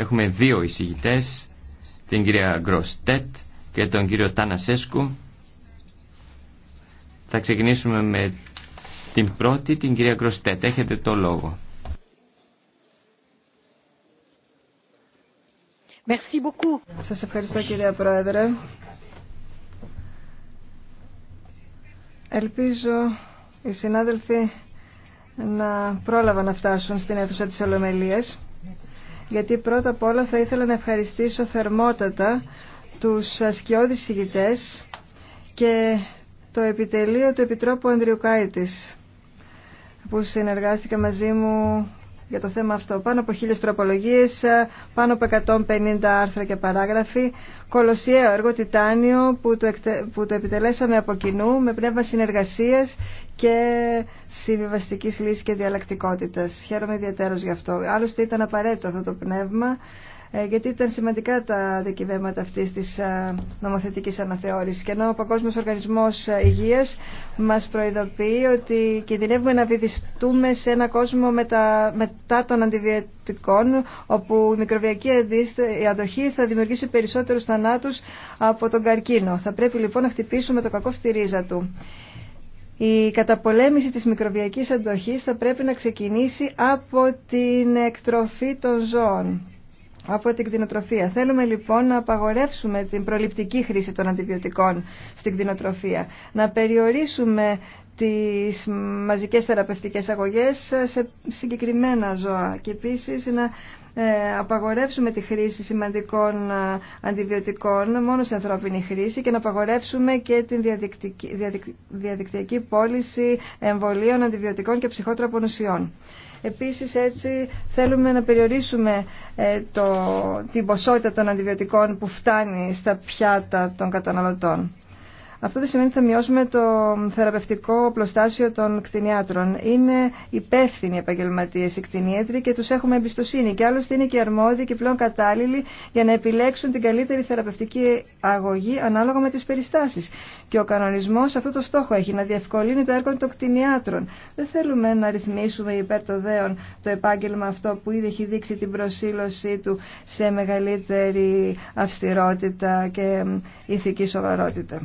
Έχουμε δύο εισηγητές, την κυρία Γκροστέτ και τον κύριο Τάνα Σέσκου. Θα ξεκινήσουμε με την πρώτη, την κυρία Γκροστέτ. Έχετε το λόγο. Σας ευχαριστώ κυρία Πρόεδρε. Ελπίζω οι συνάδελφοι να πρόλαβαν να φτάσουν στην αίθουσα της Ολομελίας γιατί πρώτα απ' όλα θα ήθελα να ευχαριστήσω θερμότατα τους ασκιώδης συγητές και το επιτελείο του Επιτρόπου Ανδριουκάητης που συνεργάστηκε μαζί μου για το θέμα αυτό. Πάνω από χίλιε τροπολογίε, ε, πάνω από 150 άρθρα και παράγραφοι. Κολοσιαίο έργο Τιτάνιο που το, που το επιτελέσαμε από κοινού με πνεύμα συνεργασία και συμβιβαστική λύση και διαλλακτικότητα. Χαίρομαι ιδιαίτερω γι' αυτό. Άλλωστε ήταν απαραίτητο αυτό το πνεύμα ε, γιατί ήταν σημαντικά τα δικηβέματα αυτής της ε, νομοθετικής αναθεώρησης. Και ενώ ο Παγκόσμιος Οργανισμός ε, Υγείας μας προειδοποιεί ότι κινδυνεύουμε να βυθιστούμε σε ένα κόσμο μετά, μετά των αντιβιωτικών, όπου η μικροβιακή αντοχή θα δημιουργήσει περισσότερους θανάτους από τον καρκίνο. Θα πρέπει λοιπόν να χτυπήσουμε το κακό στη ρίζα του. Η καταπολέμηση της μικροβιακής αντοχής θα πρέπει να ξεκινήσει από την εκτροφή των ζώων από την κτηνοτροφία. Θέλουμε λοιπόν να απαγορεύσουμε την προληπτική χρήση των αντιβιωτικών στην κτηνοτροφία. Να περιορίσουμε τις μαζικές θεραπευτικές αγωγές σε συγκεκριμένα ζώα και επίσης να ε, απαγορεύσουμε τη χρήση σημαντικών ε, αντιβιωτικών μόνο σε ανθρώπινη χρήση και να απαγορεύσουμε και την διαδικτυακή πώληση εμβολίων, αντιβιωτικών και ψυχότροπων ουσιών. Επίσης έτσι θέλουμε να περιορίσουμε ε, το, την ποσότητα των αντιβιωτικών που φτάνει στα πιάτα των καταναλωτών. Αυτό δεν σημαίνει ότι θα μειώσουμε το θεραπευτικό πλωστάσιο των κτηνιάτρων. Είναι υπεύθυνοι επαγγελματίε οι κτηνίατροι και του έχουμε εμπιστοσύνη. Και άλλωστε είναι και αρμόδιοι και πλέον κατάλληλοι για να επιλέξουν την καλύτερη θεραπευτική αγωγή ανάλογα με τι περιστάσει. Και ο κανονισμό αυτό το στόχο έχει, να διευκολύνει το έργο των κτηνιάτρων. Δεν θέλουμε να ρυθμίσουμε υπέρ των δέων το επάγγελμα αυτό που ήδη έχει δείξει την προσήλωσή του σε μεγαλύτερη αυστηρότητα και ηθική σοβαρότητα.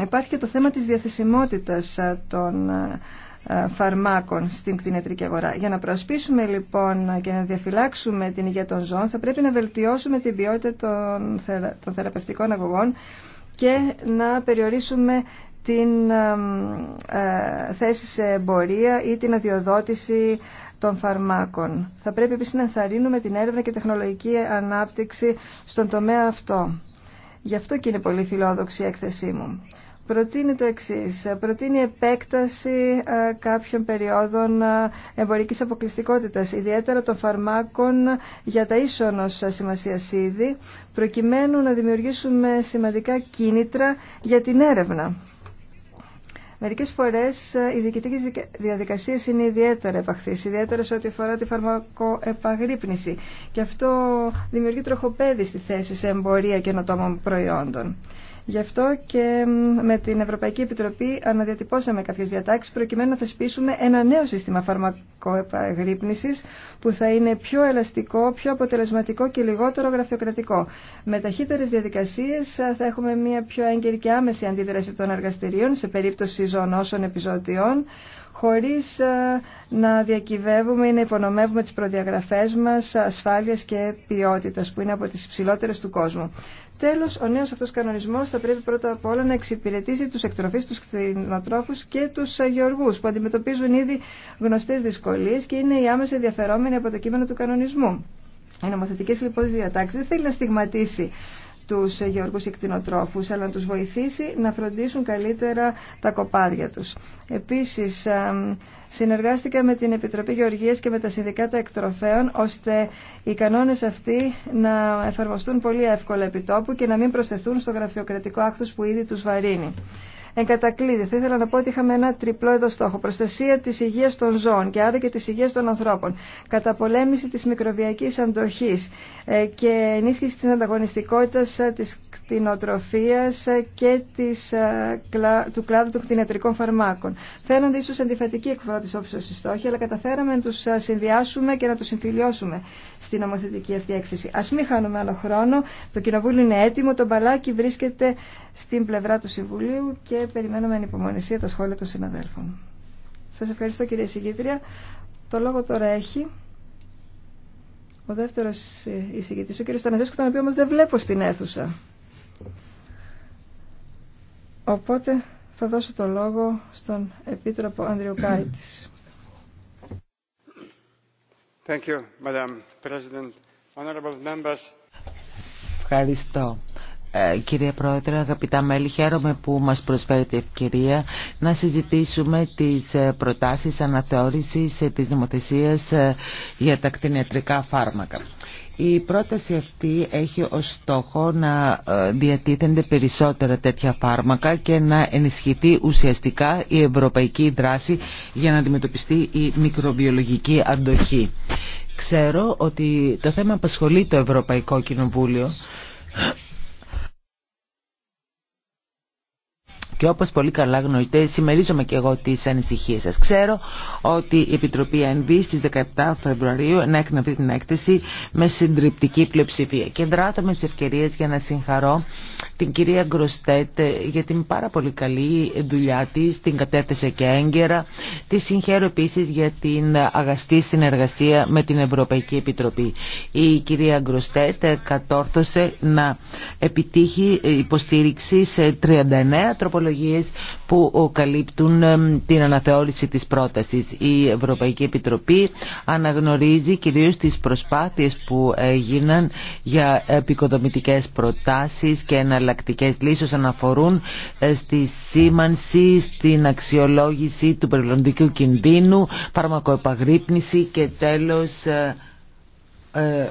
Υπάρχει και το θέμα της διαθεσιμότητας ε, των ε, ε, φαρμάκων στην κτηνιατρική αγορά. Για να προσπίσουμε λοιπόν και να διαφυλάξουμε την υγεία των ζώων θα πρέπει να βελτιώσουμε την ποιότητα των, θεραπευτικών αγωγών και να περιορίσουμε την θέση σε εμπορία ή την αδειοδότηση των φαρμάκων. Θα πρέπει επίσης να θαρρύνουμε την έρευνα και τεχνολογική ανάπτυξη στον τομέα αυτό. Γι' αυτό και είναι πολύ φιλόδοξη η την αδειοδοτηση των φαρμακων θα πρεπει επισης να ενθαρρυνουμε την ερευνα και τεχνολογικη αναπτυξη στον τομεα αυτο γι αυτο και ειναι πολυ φιλοδοξη η εκθεση μου προτείνει το εξή. Προτείνει επέκταση ε, κάποιων περιόδων ε, εμπορική αποκλειστικότητα, ιδιαίτερα των φαρμάκων για τα ίσονο σημασία είδη, προκειμένου να δημιουργήσουμε σημαντικά κίνητρα για την έρευνα. Μερικές φορές ε, οι διοικητικές διαδικασίες είναι ιδιαίτερα επαχθείς, ιδιαίτερα σε ό,τι αφορά τη φαρμακοεπαγρύπνηση και αυτό δημιουργεί τροχοπέδι στη θέση σε εμπορία καινοτόμων προϊόντων. Γι' αυτό και με την Ευρωπαϊκή Επιτροπή αναδιατυπώσαμε κάποιες διατάξεις προκειμένου να θεσπίσουμε ένα νέο σύστημα φαρμακοεπαγρύπνησης που θα είναι πιο ελαστικό, πιο αποτελεσματικό και λιγότερο γραφειοκρατικό. Με ταχύτερες διαδικασίες θα έχουμε μια πιο έγκαιρη και άμεση αντίδραση των εργαστηρίων σε περίπτωση ζωνόσων επιζωτιών χωρίς να διακυβεύουμε ή να υπονομεύουμε τις προδιαγραφές μας ασφάλειας και ποιότητας που είναι από τις υψηλότερες του κόσμου. Τέλος, ο νέος αυτός κανονισμός θα πρέπει πρώτα απ' όλα να εξυπηρετήσει τους εκτροφείς, τους κτηνοτρόφους και τους γεωργούς που αντιμετωπίζουν ήδη γνωστές δυσκολίες και είναι οι άμεσα ενδιαφερόμενοι από το κείμενο του κανονισμού. Η νομοθετικές λοιπόν διατάξεις δεν θέλει να στιγματίσει τους γεωργούς και κτηνοτρόφους, αλλά να τους βοηθήσει να φροντίσουν καλύτερα τα κοπάδια τους. Επίσης, Συνεργάστηκα με την Επιτροπή Γεωργίας και με τα Συνδικάτα Εκτροφέων ώστε οι κανόνες αυτοί να εφαρμοστούν πολύ εύκολα επί τόπου και να μην προσθεθούν στο γραφειοκρατικό άκθος που ήδη τους βαρύνει. Εν κατακλείδη, θα ήθελα να πω ότι είχαμε ένα τριπλό εδώ στόχο. Προστασία τη υγεία των ζώων και άρα και τη υγεία των ανθρώπων. Καταπολέμηση τη μικροβιακή αντοχή ε, και ενίσχυση τη ανταγωνιστικότητα ε, τη κτηνοτροφίας και της, ε, του κλάδου των κτηνιατρικών φαρμάκων. Φαίνονται ίσως αντιφατικοί εκ πρώτης όψης στόχη, στόχοι, αλλά καταφέραμε να τους ε, συνδυάσουμε και να τους συμφιλιώσουμε στην ομοθετική αυτή έκθεση. Ας μην χάνουμε άλλο χρόνο, το Κοινοβούλιο είναι έτοιμο, το μπαλάκι βρίσκεται στην πλευρά του Συμβουλίου και περιμένουμε ανυπομονησία τα σχόλια των συναδέλφων. Σας ευχαριστώ κυρία Συγκήτρια. Το λόγο τώρα έχει ο δεύτερος ε, εισηγητής, ο κύριος Σταναζέσκου, τον οποίο όμως δεν βλέπω στην αίθουσα. Οπότε θα δώσω το λόγο στον Επίτροπο Ανδριουκάητης. Thank Ευχαριστώ. Ε, κύριε Πρόεδρε, αγαπητά μέλη, χαίρομαι που μας προσφέρετε ευκαιρία να συζητήσουμε τις ε, προτάσεις αναθεώρησης ε, της νομοθεσίας για τα κτηνιατρικά φάρμακα. Η πρόταση αυτή έχει ως στόχο να ε, διατίθενται περισσότερα τέτοια φάρμακα και να ενισχυθεί ουσιαστικά η ευρωπαϊκή δράση για να αντιμετωπιστεί η μικροβιολογική αντοχή. Ξέρω ότι το θέμα απασχολεί το Ευρωπαϊκό Κοινοβούλιο και όπως πολύ καλά γνωρίζετε συμμερίζομαι και εγώ τις ανησυχίες σας. Ξέρω ότι η Επιτροπή ΕΝΒ στις 17 Φεβρουαρίου ενέκρινε αυτή την έκθεση με συντριπτική πλειοψηφία και δράτω με τις ευκαιρίες για να συγχαρώ την κυρία Γκροστέτ για την πάρα πολύ καλή δουλειά της, την κατέθεσε και έγκαιρα. Τη συγχαίρω επίσης για την αγαστή συνεργασία με την Ευρωπαϊκή Επιτροπή. Η κυρία Γκροστέτ κατόρθωσε να επιτύχει υποστήριξη σε 39 τροπολογικές που καλύπτουν την αναθεώρηση της πρότασης. Η Ευρωπαϊκή Επιτροπή αναγνωρίζει κυρίως τις προσπάθειες που έγιναν για επικοδομητικές προτάσεις και εναλλακτικέ λύσεις αναφορούν ε, στη σήμανση, στην αξιολόγηση του περιβαλλοντικού κινδύνου, φαρμακοεπαγρύπνηση και τέλος ε, ε,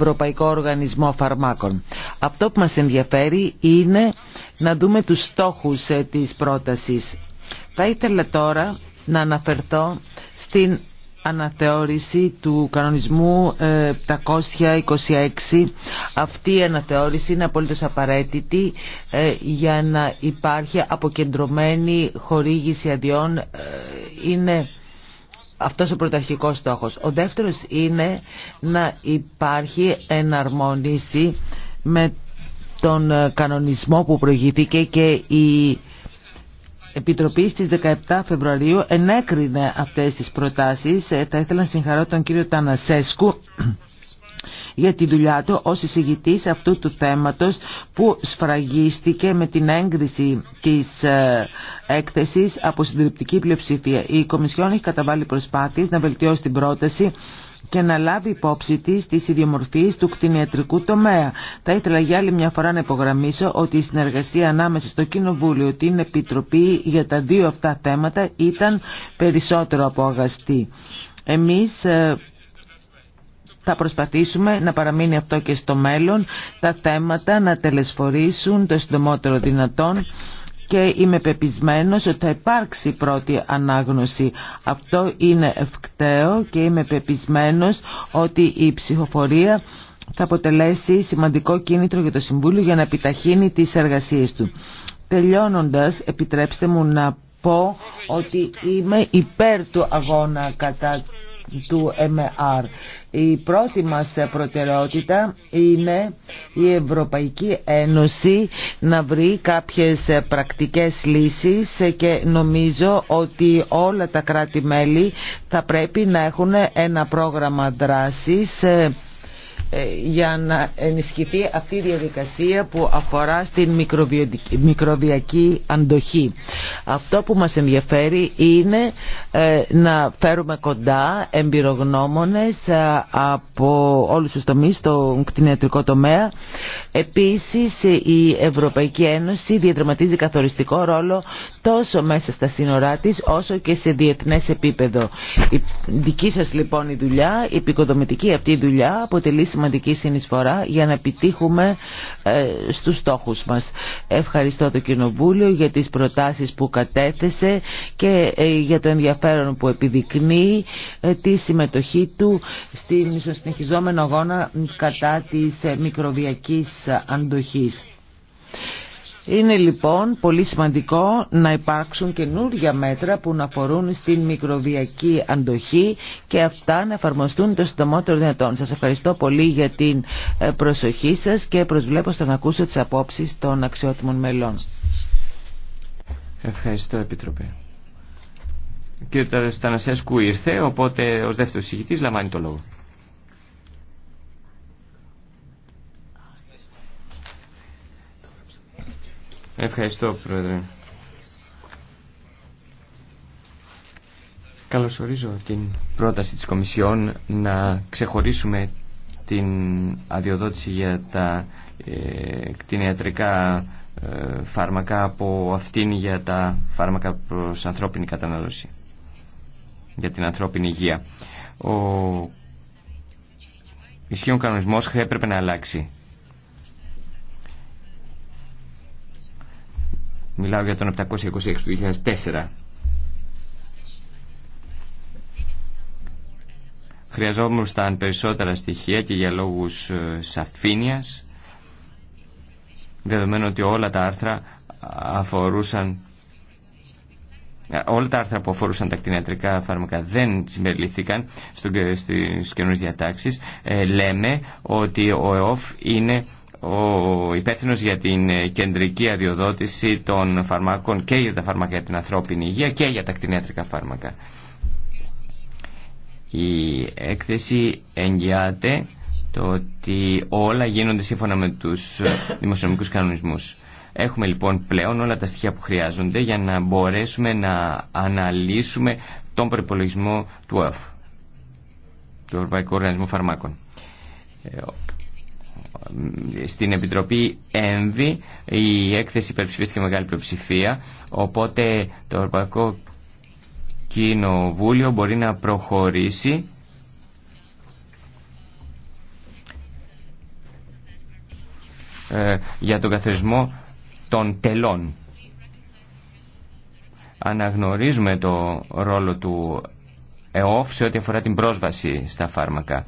Ευρωπαϊκό Οργανισμό Φαρμάκων. Αυτό που μας ενδιαφέρει είναι να δούμε τους στόχους ε, της πρότασης. Θα ήθελα τώρα να αναφερθώ στην αναθεώρηση του κανονισμού 726. Ε, Αυτή η αναθεώρηση είναι απολύτως απαραίτητη ε, για να υπάρχει αποκεντρωμένη χορήγηση αδειών. Είναι αυτός ο πρωταρχικός στόχος. Ο δεύτερος είναι να υπάρχει εναρμόνιση με τον ε, κανονισμό που προηγήθηκε και η Επιτροπή στις 17 Φεβρουαρίου ενέκρινε αυτές τις προτάσεις. Ε, θα ήθελα να συγχαρώ τον κύριο Τανασέσκου για τη δουλειά του ως εισηγητής αυτού του θέματος που σφραγίστηκε με την έγκριση της ε, έκθεσης από συντριπτική πλειοψηφία. Η Κομισιόν έχει καταβάλει προσπάθειες να βελτιώσει την πρόταση και να λάβει υπόψη τη τη ιδιομορφή του κτηνιατρικού τομέα. Θα ήθελα για άλλη μια φορά να υπογραμμίσω ότι η συνεργασία ανάμεσα στο Κοινοβούλιο, την Επιτροπή για τα δύο αυτά θέματα ήταν περισσότερο από αγαστή. Εμείς ε, θα προσπαθήσουμε να παραμείνει αυτό και στο μέλλον, τα θέματα να τελεσφορήσουν το συντομότερο δυνατόν και είμαι πεπισμένος ότι θα υπάρξει πρώτη ανάγνωση. Αυτό είναι ευκταίο και είμαι πεπισμένος ότι η ψηφοφορία θα αποτελέσει σημαντικό κίνητρο για το Συμβούλιο για να επιταχύνει τις εργασίες του. Τελειώνοντας, επιτρέψτε μου να πω ότι είμαι υπέρ του αγώνα κατά του MR. Η πρώτη μας προτεραιότητα είναι η Ευρωπαϊκή Ένωση να βρει κάποιες πρακτικές λύσεις και νομίζω ότι όλα τα κράτη-μέλη θα πρέπει να έχουν ένα πρόγραμμα δράσης ε, για να ενισχυθεί αυτή η διαδικασία που αφορά στην μικροβιακή αντοχή. Αυτό που μας ενδιαφέρει είναι ε, να φέρουμε κοντά εμπειρογνώμονες ε, από όλους τους τομείς στον κτηνιατρικό τομέα. Επίσης η Ευρωπαϊκή Ένωση διαδραματίζει καθοριστικό ρόλο τόσο μέσα στα σύνορά της όσο και σε διεθνές επίπεδο. Η δική σας λοιπόν η δουλειά, η επικοδομητική αυτή δουλειά αποτελεί σημαντική συνεισφορά για να επιτύχουμε ε, στους στόχους μας. Ευχαριστώ το Κοινοβούλιο για τις προτάσεις που κατέθεσε και ε, για το ενδιαφέρον που επιδεικνύει ε, τη συμμετοχή του στην συνεχιζόμενο αγώνα κατά της μικροβιακής αντοχής. Είναι λοιπόν πολύ σημαντικό να υπάρξουν καινούργια μέτρα που να αφορούν στην μικροβιακή αντοχή και αυτά να εφαρμοστούν το συντομότερο δυνατόν. Σας ευχαριστώ πολύ για την ε, προσοχή σας και προσβλέπω στο να ακούσω τις απόψεις των αξιότιμων μελών. Ευχαριστώ Επιτροπέ. Ο κ. Στανασέσκου ήρθε, οπότε ως δεύτερος συγητής λαμβάνει το λόγο. Ευχαριστώ, Πρόεδρε. Καλωσορίζω την πρόταση της Κομισιόν να ξεχωρίσουμε την αδειοδότηση για τα ε, κτηνιατρικά ε, φάρμακα από αυτήν για τα φάρμακα προς ανθρώπινη κατανάλωση, για την ανθρώπινη υγεία. Ο ισχύων κανονισμός έπρεπε να αλλάξει Μιλάω για τον 726 του 2004. Χρειαζόμουν περισσότερα στοιχεία και για λόγους ε, σαφήνειας, δεδομένου ότι όλα τα άρθρα αφορούσαν ε, όλα τα άρθρα που αφορούσαν τα κτηνιατρικά φάρμακα δεν συμπεριληφθήκαν ε, στις καινούριες διατάξεις. λέμε ότι ο ΕΟΦ είναι ο υπεύθυνο για την ε, κεντρική αδειοδότηση των φαρμάκων και για τα φάρμακα για την ανθρώπινη υγεία και για τα κτηνιατρικά φάρμακα. Η έκθεση εγγυάται το ότι όλα γίνονται σύμφωνα με τους ε, δημοσιονομικούς κανονισμούς. Έχουμε λοιπόν πλέον όλα τα στοιχεία που χρειάζονται για να μπορέσουμε να αναλύσουμε τον προπολογισμό του ΕΦ, του Ευρωπαϊκού Οργανισμού Φαρμάκων. Ε, στην Επιτροπή ΕΜΒΗ η έκθεση υπερψηφίστηκε μεγάλη πλειοψηφία οπότε το Ευρωπαϊκό Κοινοβούλιο μπορεί να προχωρήσει ε, για τον καθορισμό των τελών. Αναγνωρίζουμε το ρόλο του ΕΟΦ σε ό,τι αφορά την πρόσβαση στα φάρμακα.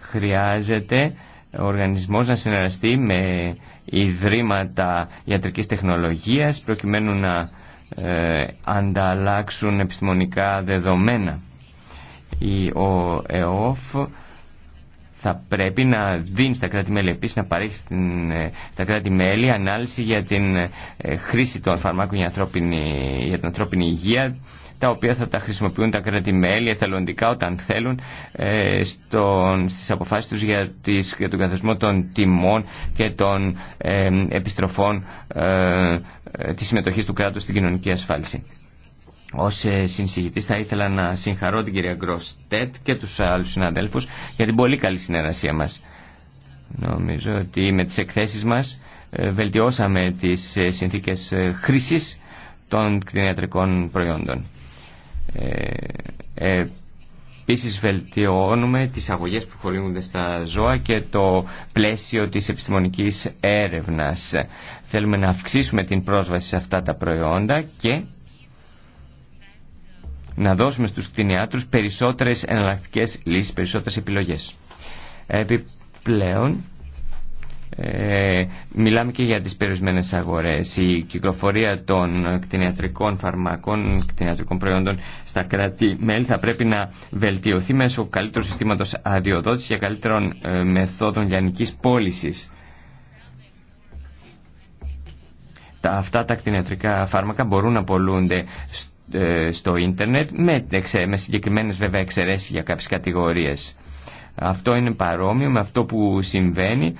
Χρειάζεται ο οργανισμός να συνεργαστεί με ιδρύματα ιατρικής τεχνολογίας προκειμένου να ε, ανταλλάξουν επιστημονικά δεδομένα. Η, ο ΕΟΦ θα πρέπει να δίνει στα κράτη-μέλη επίσης να παρέχει στην, ε, στα κράτη-μέλη ανάλυση για την ε, χρήση των φαρμάκων για, ανθρώπινη, για την ανθρώπινη υγεία τα οποία θα τα χρησιμοποιούν τα κράτη-μέλη εθελοντικά όταν θέλουν ε, στον, στις αποφάσεις τους για, τις, για τον καθορισμό των τιμών και των ε, επιστροφών ε, ε, της συμμετοχής του κράτους στην κοινωνική ασφάλιση. Ω ε, συνσηγητή, θα ήθελα να συγχαρώ την κυρία Γκροστέτ και του άλλου συναδέλφους για την πολύ καλή συνεργασία μα. Νομίζω ότι με τις εκθέσεις μας βελτιώσαμε τις συνθήκες χρήσης των κτηνιατρικών προϊόντων. Ε, Επίσης βελτιώνουμε τις αγωγές που χωρίζονται στα ζώα και το πλαίσιο της επιστημονικής έρευνας. Θέλουμε να αυξήσουμε την πρόσβαση σε αυτά τα προϊόντα και να δώσουμε στους κτηνιάτρους περισσότερες εναλλακτικές λύσεις, περισσότερες επιλογές. Επιπλέον, ε, μιλάμε και για τις περιορισμένες αγορές. Η κυκλοφορία των κτηνιατρικών φαρμακών, κτηνιατρικών προϊόντων στα κράτη-μέλη θα πρέπει να βελτιωθεί μέσω καλύτερου συστήματος αδειοδότησης και καλύτερων ε, μεθόδων λιανικής τα Αυτά τα κτηνιατρικά φάρμακα μπορούν να πολλούνται ε, στο ίντερνετ με, με συγκεκριμένες βέβαια εξαιρέσεις για κάποιες κατηγορίες. Αυτό είναι παρόμοιο με αυτό που συμβαίνει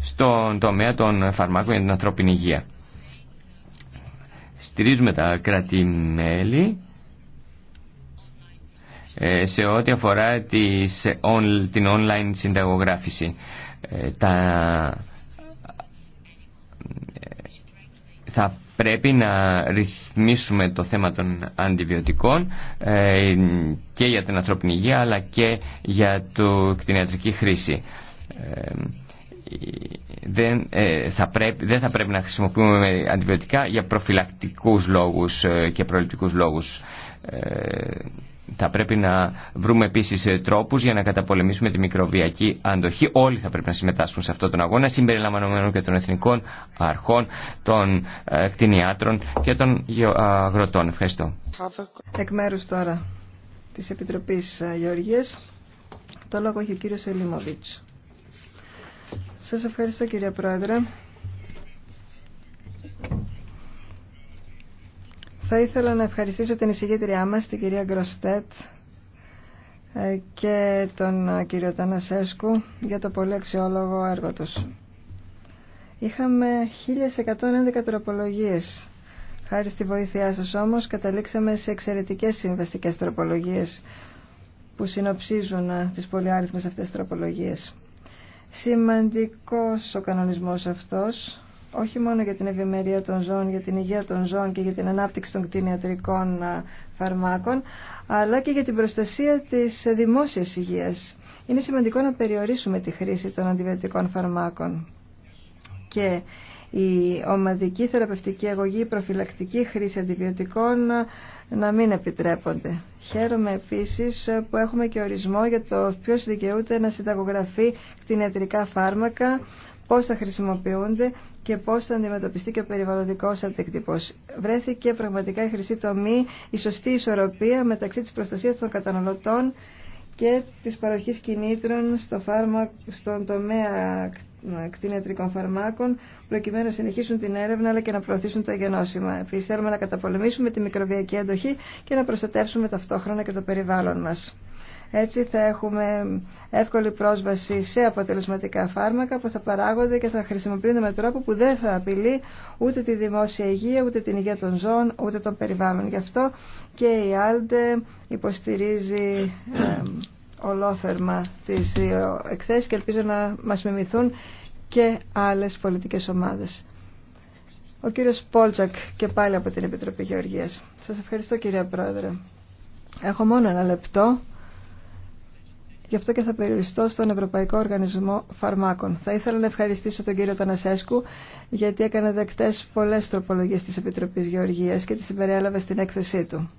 στον τομέα των φαρμάκων για την ανθρώπινη υγεία. Στηρίζουμε τα κρατημέλη ε, σε ό,τι αφορά τις, on, την online συνταγογράφηση. Ε, τα, θα πρέπει να ρυθμίσουμε το θέμα των αντιβιωτικών ε, και για την ανθρώπινη υγεία αλλά και για την ιατρική χρήση δεν, ε, θα πρέπει, δεν θα πρέπει να χρησιμοποιούμε αντιβιωτικά για προφυλακτικούς λόγους ε, και προληπτικούς λόγους. Ε, θα πρέπει να βρούμε επίσης τρόπους για να καταπολεμήσουμε τη μικροβιακή αντοχή. Όλοι θα πρέπει να συμμετάσχουν σε αυτόν τον αγώνα, συμπεριλαμβανομένων και των εθνικών αρχών, των κτηνιάτρων και των αγροτών. Ευχαριστώ. Εκ μέρου τώρα της Επιτροπής Γεωργίας, το λόγο έχει ο κύριος σας ευχαριστώ κύριε Πρόεδρε. Θα ήθελα να ευχαριστήσω την εισηγήτριά μας, την κυρία Γκροστέτ ε, και τον κύριο Τανασέσκου για το πολύ αξιόλογο έργο τους. Είχαμε 1111 τροπολογίες. Χάρη στη βοήθειά σας όμως καταλήξαμε σε εξαιρετικές συμβαστικές τροπολογίες που συνοψίζουν ε, τις πολυάριθμες αυτές τροπολογίες. Σημαντικός ο κανονισμός αυτός, όχι μόνο για την ευημερία των ζώων, για την υγεία των ζώων και για την ανάπτυξη των κτηνιατρικών φαρμάκων, αλλά και για την προστασία της δημόσιας υγείας. Είναι σημαντικό να περιορίσουμε τη χρήση των αντιβιωτικών φαρμάκων. Και η ομαδική θεραπευτική αγωγή, η προφυλακτική χρήση αντιβιωτικών να μην επιτρέπονται. Χαίρομαι επίσης που έχουμε και ορισμό για το ποιος δικαιούται να συνταγογραφεί κτηνιατρικά φάρμακα, πώς θα χρησιμοποιούνται και πώς θα αντιμετωπιστεί και ο περιβαλλοντικός αντίκτυπος. Βρέθηκε πραγματικά η χρυσή τομή, η σωστή ισορροπία μεταξύ της προστασίας των καταναλωτών και της παροχής κινήτρων στο φάρμα, στον τομέα κτηνιατρικών φαρμάκων, προκειμένου να συνεχίσουν την έρευνα αλλά και να προωθήσουν τα γενώσιμα. Επίση, θέλουμε να καταπολεμήσουμε τη μικροβιακή αντοχή και να προστατεύσουμε ταυτόχρονα και το περιβάλλον μα. Έτσι θα έχουμε εύκολη πρόσβαση σε αποτελεσματικά φάρμακα που θα παράγονται και θα χρησιμοποιούνται με τρόπο που δεν θα απειλεί ούτε τη δημόσια υγεία, ούτε την υγεία των ζώων, ούτε των περιβάλλων. Γι' αυτό και η Άλντε υποστηρίζει ε, ολόθερμα τις δύο εκθέσεις και ελπίζω να μας μιμηθούν και άλλες πολιτικές ομάδες. Ο κύριος Πόλτσακ και πάλι από την Επιτροπή Γεωργίας. Σας ευχαριστώ κύριε Πρόεδρε. Έχω μόνο ένα λεπτό, γι' αυτό και θα περιοριστώ στον Ευρωπαϊκό Οργανισμό Φαρμάκων. Θα ήθελα να ευχαριστήσω τον κύριο Τανασέσκου, γιατί έκανε δεκτέ πολλέ τροπολογίε τη Επιτροπή Γεωργία και τις συμπεριέλαβε στην έκθεσή του.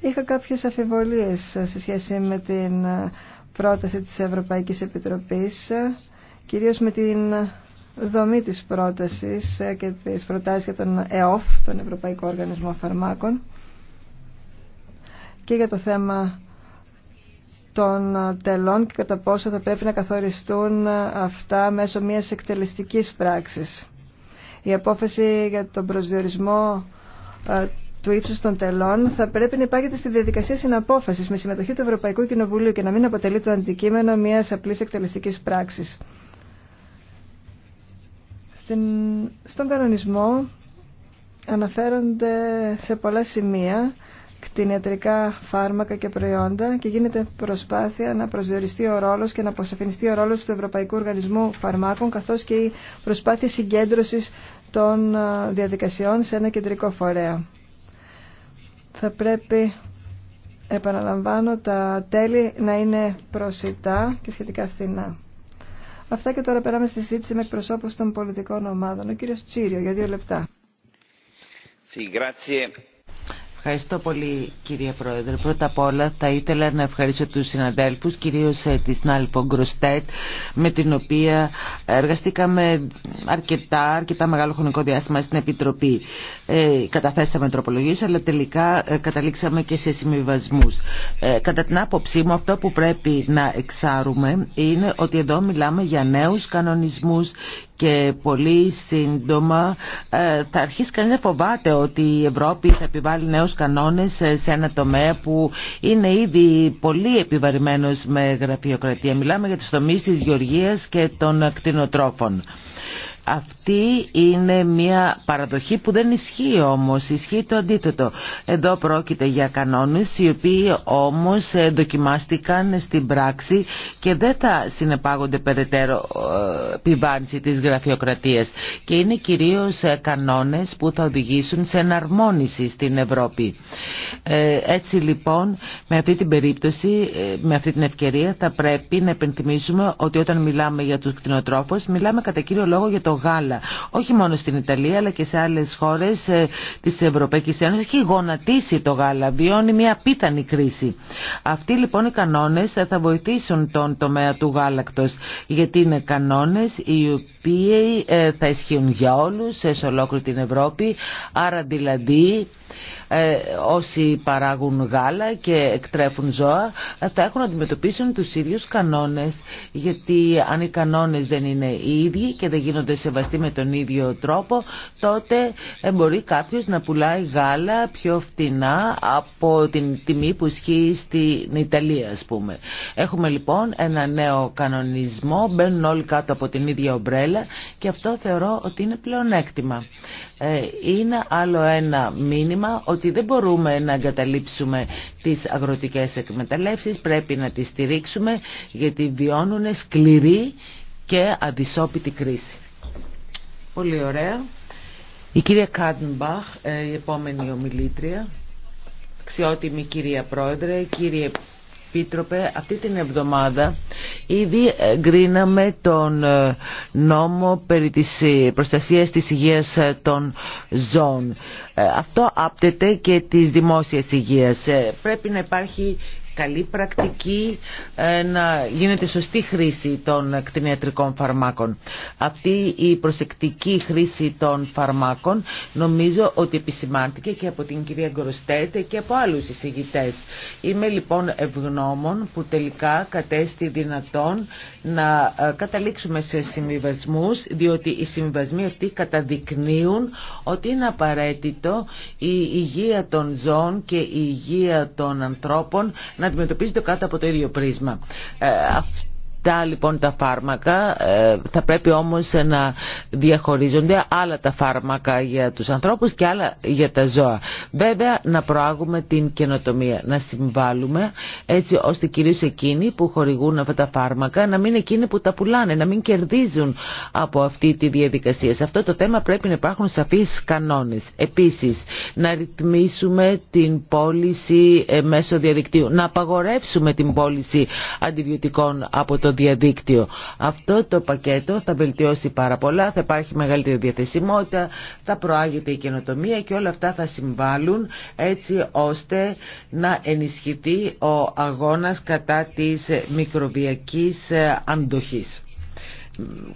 Είχα κάποιες αφιβολίες σε σχέση με την πρόταση της Ευρωπαϊκής Επιτροπής, κυρίως με την δομή της πρότασης και της προτάσεις για τον ΕΟΦ, τον Ευρωπαϊκό Οργανισμό Φαρμάκων, και για το θέμα των τελών και κατά πόσο θα πρέπει να καθοριστούν αυτά μέσω μιας εκτελεστικής πράξης. Η απόφαση για τον προσδιορισμό ε, του ύψου των τελών θα πρέπει να υπάρχει στη διαδικασία συναπόφαση με συμμετοχή του Ευρωπαϊκού Κοινοβουλίου και να μην αποτελεί το αντικείμενο μια απλή εκτελεστική πράξη. Στον κανονισμό αναφέρονται σε πολλά σημεία κτηνιατρικά φάρμακα και προϊόντα και γίνεται προσπάθεια να προσδιοριστεί ο ρόλος και να αποσαφινιστεί ο ρόλος του Ευρωπαϊκού Οργανισμού Φαρμάκων καθώς και η προσπάθεια συγκέντρωσης των διαδικασιών σε ένα κεντρικό φορέα θα πρέπει, επαναλαμβάνω, τα τέλη να είναι προσιτά και σχετικά φθηνά. Αυτά και τώρα περάμε στη συζήτηση με προσώπους των πολιτικών ομάδων. Ο κύριος Τσίριο, για δύο λεπτά. Ευχαριστώ πολύ κύριε Πρόεδρε. Πρώτα απ' όλα θα ήθελα να ευχαριστήσω τους συναδέλφους, κυρίως ε, τη Νάλπο Γκροστέτ, με την οποία εργαστήκαμε αρκετά, αρκετά μεγάλο χρονικό διάστημα στην Επιτροπή ε, καταθέσαμε τροπολογίες αλλά τελικά ε, καταλήξαμε και σε συμβιβασμούς. Ε, κατά την άποψή μου αυτό που πρέπει να εξάρουμε είναι ότι εδώ μιλάμε για νέους κανονισμούς και πολύ σύντομα ε, θα αρχίσει κανείς να φοβάται ότι η Ευρώπη θα επιβάλλει νέους κανόνες σε ένα τομέα που είναι ήδη πολύ επιβαρημένος με γραφειοκρατία. Μιλάμε για τους τομείς της γεωργίας και των κτηνοτρόφων. Αυτή είναι μια παραδοχή που δεν ισχύει όμως, ισχύει το αντίθετο. Εδώ πρόκειται για κανόνες οι οποίοι όμως δοκιμάστηκαν στην πράξη και δεν θα συνεπάγονται περαιτέρω ε, επιβάνηση της γραφειοκρατίας και είναι κυρίως ε, κανόνες που θα οδηγήσουν σε εναρμόνιση στην Ευρώπη. Ε, έτσι λοιπόν με αυτή την περίπτωση, με αυτή την ευκαιρία θα πρέπει να επενθυμίσουμε ότι όταν μιλάμε για τους κτηνοτρόφους μιλάμε κατά κύριο λόγο για το γάλα. Όχι μόνο στην Ιταλία αλλά και σε άλλες χώρες ε, της Ευρωπαϊκής Ένωσης έχει γονατίσει το γάλα, βιώνει μια πίθανη κρίση. Αυτοί λοιπόν οι κανόνες θα βοηθήσουν τον τομέα του γάλακτος γιατί είναι κανόνες οι οποίοι ε, θα ισχύουν για όλους ε, σε ολόκληρη την Ευρώπη. Άρα δηλαδή ε, όσοι παράγουν γάλα και εκτρέφουν ζώα θα έχουν να αντιμετωπίσουν τους ίδιους κανόνες γιατί αν οι κανόνες δεν είναι οι ίδιοι και δεν γίνονται σεβαστοί με τον ίδιο τρόπο τότε μπορεί κάποιος να πουλάει γάλα πιο φτηνά από την τιμή που ισχύει στην Ιταλία ας πούμε. Έχουμε λοιπόν ένα νέο κανονισμό, μπαίνουν όλοι κάτω από την ίδια ομπρέλα και αυτό θεωρώ ότι είναι πλεονέκτημα. Ε, είναι άλλο ένα μήνυμα ότι δεν μπορούμε να εγκαταλείψουμε τις αγροτικές εκμεταλλεύσεις, πρέπει να τις στηρίξουμε γιατί βιώνουν σκληρή και αδυσόπιτη κρίση. Πολύ ωραία. Η κυρία Κάντενμπαχ, ε, η επόμενη ομιλήτρια. Αξιότιμη κυρία Πρόεδρε, κύριε Επίτροπε, αυτή την εβδομάδα ήδη γκρίναμε τον ε, νόμο περί της ε, προστασίας της υγείας ε, των ζώων. Αυτό άπτεται και της δημόσιας υγείας. Πρέπει να υπάρχει καλή πρακτική ε, να γίνεται σωστή χρήση των κτηνιατρικών φαρμάκων. Αυτή η προσεκτική χρήση των φαρμάκων νομίζω ότι επισημάνθηκε και από την κυρία Γκροστέτε και από άλλους εισηγητές. Είμαι λοιπόν ευγνώμων που τελικά κατέστη δυνατόν να ε, καταλήξουμε σε συμβιβασμούς διότι οι συμβιβασμοί αυτοί καταδεικνύουν ότι είναι απαραίτητο η υγεία των ζώων και η υγεία των ανθρώπων να αντιμετωπίζεται κάτω από το ίδιο πρίσμα. Ε, Αυτά λοιπόν τα φάρμακα ε, θα πρέπει όμως να διαχωρίζονται άλλα τα φάρμακα για τους ανθρώπους και άλλα για τα ζώα. Βέβαια να προάγουμε την καινοτομία, να συμβάλλουμε έτσι ώστε κυρίως εκείνοι που χορηγούν αυτά τα φάρμακα να μην είναι εκείνοι που τα πουλάνε, να μην κερδίζουν από αυτή τη διαδικασία. Σε αυτό το θέμα πρέπει να υπάρχουν σαφείς κανόνες. Επίσης να ρυθμίσουμε την πώληση ε, μέσω διαδικτύου, να απαγορεύσουμε την πώληση αντιβιωτικών από το διαδίκτυο. Αυτό το πακέτο θα βελτιώσει πάρα πολλά, θα υπάρχει μεγαλύτερη διαθεσιμότητα, θα προάγεται η καινοτομία και όλα αυτά θα συμβάλλουν έτσι ώστε να ενισχυθεί ο αγώνας κατά της μικροβιακής ε, αντοχής.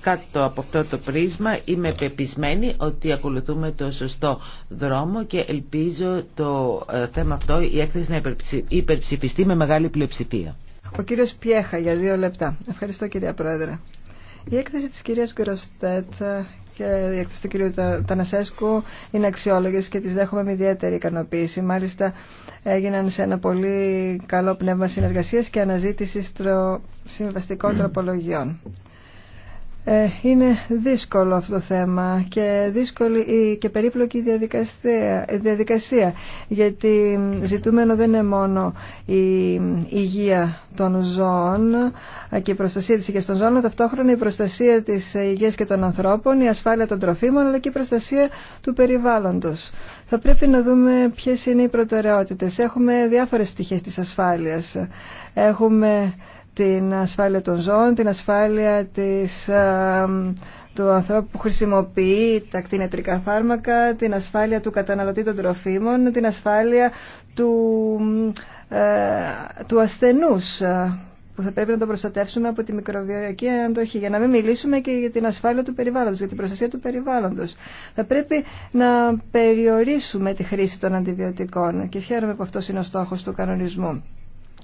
Κάτω από αυτό το πρίσμα είμαι πεπισμένη ότι ακολουθούμε το σωστό δρόμο και ελπίζω το ε, θέμα αυτό η έκθεση να υπερψηφιστεί με μεγάλη πλειοψηφία. Ο κύριος Πιέχα για δύο λεπτά. Ευχαριστώ κυρία Πρόεδρε. Η έκθεση της κυρίας Γκροστέτ και η έκθεση του κυρίου Τανασέσκου είναι αξιόλογες και τις δέχομαι με ιδιαίτερη ικανοποίηση. Μάλιστα έγιναν σε ένα πολύ καλό πνεύμα συνεργασίας και αναζήτησης συμβαστικών τροπολογιών. Ε, είναι δύσκολο αυτό το θέμα και δύσκολη και περίπλοκη διαδικασία, γιατί ζητούμενο δεν είναι μόνο η υγεία των ζώων και η προστασία της υγείας των ζώων αλλά ταυτόχρονα η προστασία της υγείας και των ανθρώπων, η ασφάλεια των τροφίμων αλλά και η προστασία του περιβάλλοντος. Θα πρέπει να δούμε ποιες είναι οι προτεραιότητες. Έχουμε διάφορες πτυχές της ασφάλειας. Έχουμε την ασφάλεια των ζώων, την ασφάλεια της, ε, του ανθρώπου που χρησιμοποιεί τα κτηνετρικά φάρμακα, την ασφάλεια του καταναλωτή των τροφίμων, την ασφάλεια του, ε, του ασθενούς ε, που θα πρέπει να το προστατεύσουμε από τη μικροβιολογική αντοχή. Για να μην μιλήσουμε και για την ασφάλεια του περιβάλλοντος, για την προστασία του περιβάλλοντος. Θα πρέπει να περιορίσουμε τη χρήση των αντιβιωτικών και χαίρομαι που αυτό είναι ο στόχος του κανονισμού.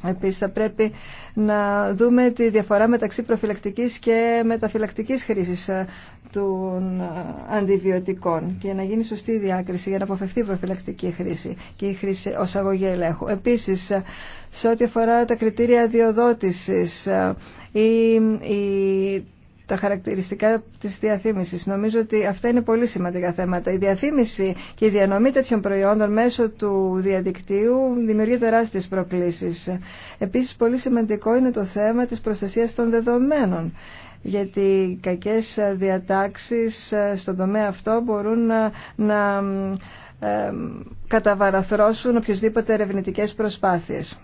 Επίσης θα πρέπει να δούμε τη διαφορά μεταξύ προφυλακτικής και μεταφυλακτικής χρήσης ε, των ε, αντιβιωτικών και να γίνει σωστή διάκριση για να αποφευθεί η προφυλακτική χρήση και η χρήση ως αγωγή ελέγχου. Επίσης, ε, σε ό,τι αφορά τα κριτήρια διοδότησης, τα χαρακτηριστικά της διαφήμισης. Νομίζω ότι αυτά είναι πολύ σημαντικά θέματα. Η διαφήμιση και η διανομή τέτοιων προϊόντων μέσω του διαδικτύου δημιουργεί τεράστιες προκλήσεις. Επίσης πολύ σημαντικό είναι το θέμα της προστασίας των δεδομένων γιατί κακές διατάξεις στον τομέα αυτό μπορούν να, να καταβαραθρώσουν οποιοδήποτε ερευνητικές προσπάθειες.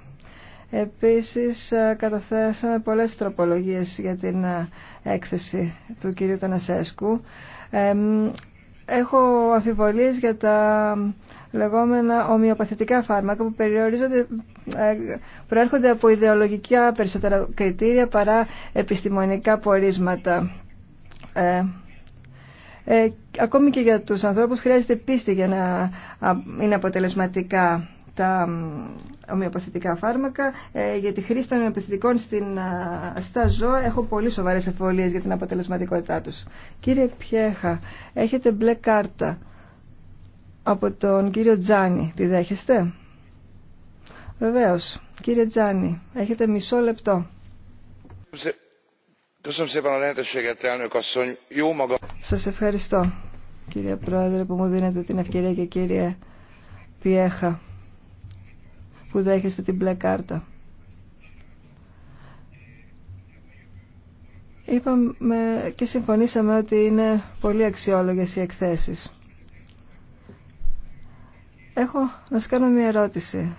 Επίσης ε, καταθέσαμε πολλές τροπολογίες για την ε, έκθεση του κυρίου Τανασέσκου. Έχω αμφιβολίες για τα λεγόμενα ομοιοπαθητικά φάρμακα που περιορίζονται, ε, προέρχονται από ιδεολογικά περισσότερα κριτήρια παρά επιστημονικά πορίσματα. Ε, ακόμη και για τους ανθρώπους χρειάζεται πίστη για να είναι αποτελεσματικά τα ομοιοπαθητικά φάρμακα. Ε, για τη χρήση των ομοιοπαθητικών στην, στα ζώα έχω πολύ σοβαρές εμφωλίες για την αποτελεσματικότητά τους. Κύριε Πιέχα, έχετε μπλε κάρτα από τον κύριο Τζάνι. Τη δέχεστε? Βεβαίως. Κύριε Τζάνι, έχετε μισό λεπτό. Σας ευχαριστώ κύριε Πρόεδρε που μου δίνετε την ευκαιρία και κύριε Πιέχα που δέχεστε την μπλε κάρτα. Είπαμε και συμφωνήσαμε ότι είναι πολύ αξιόλογες οι εκθέσεις. Έχω να σας κάνω μια ερώτηση.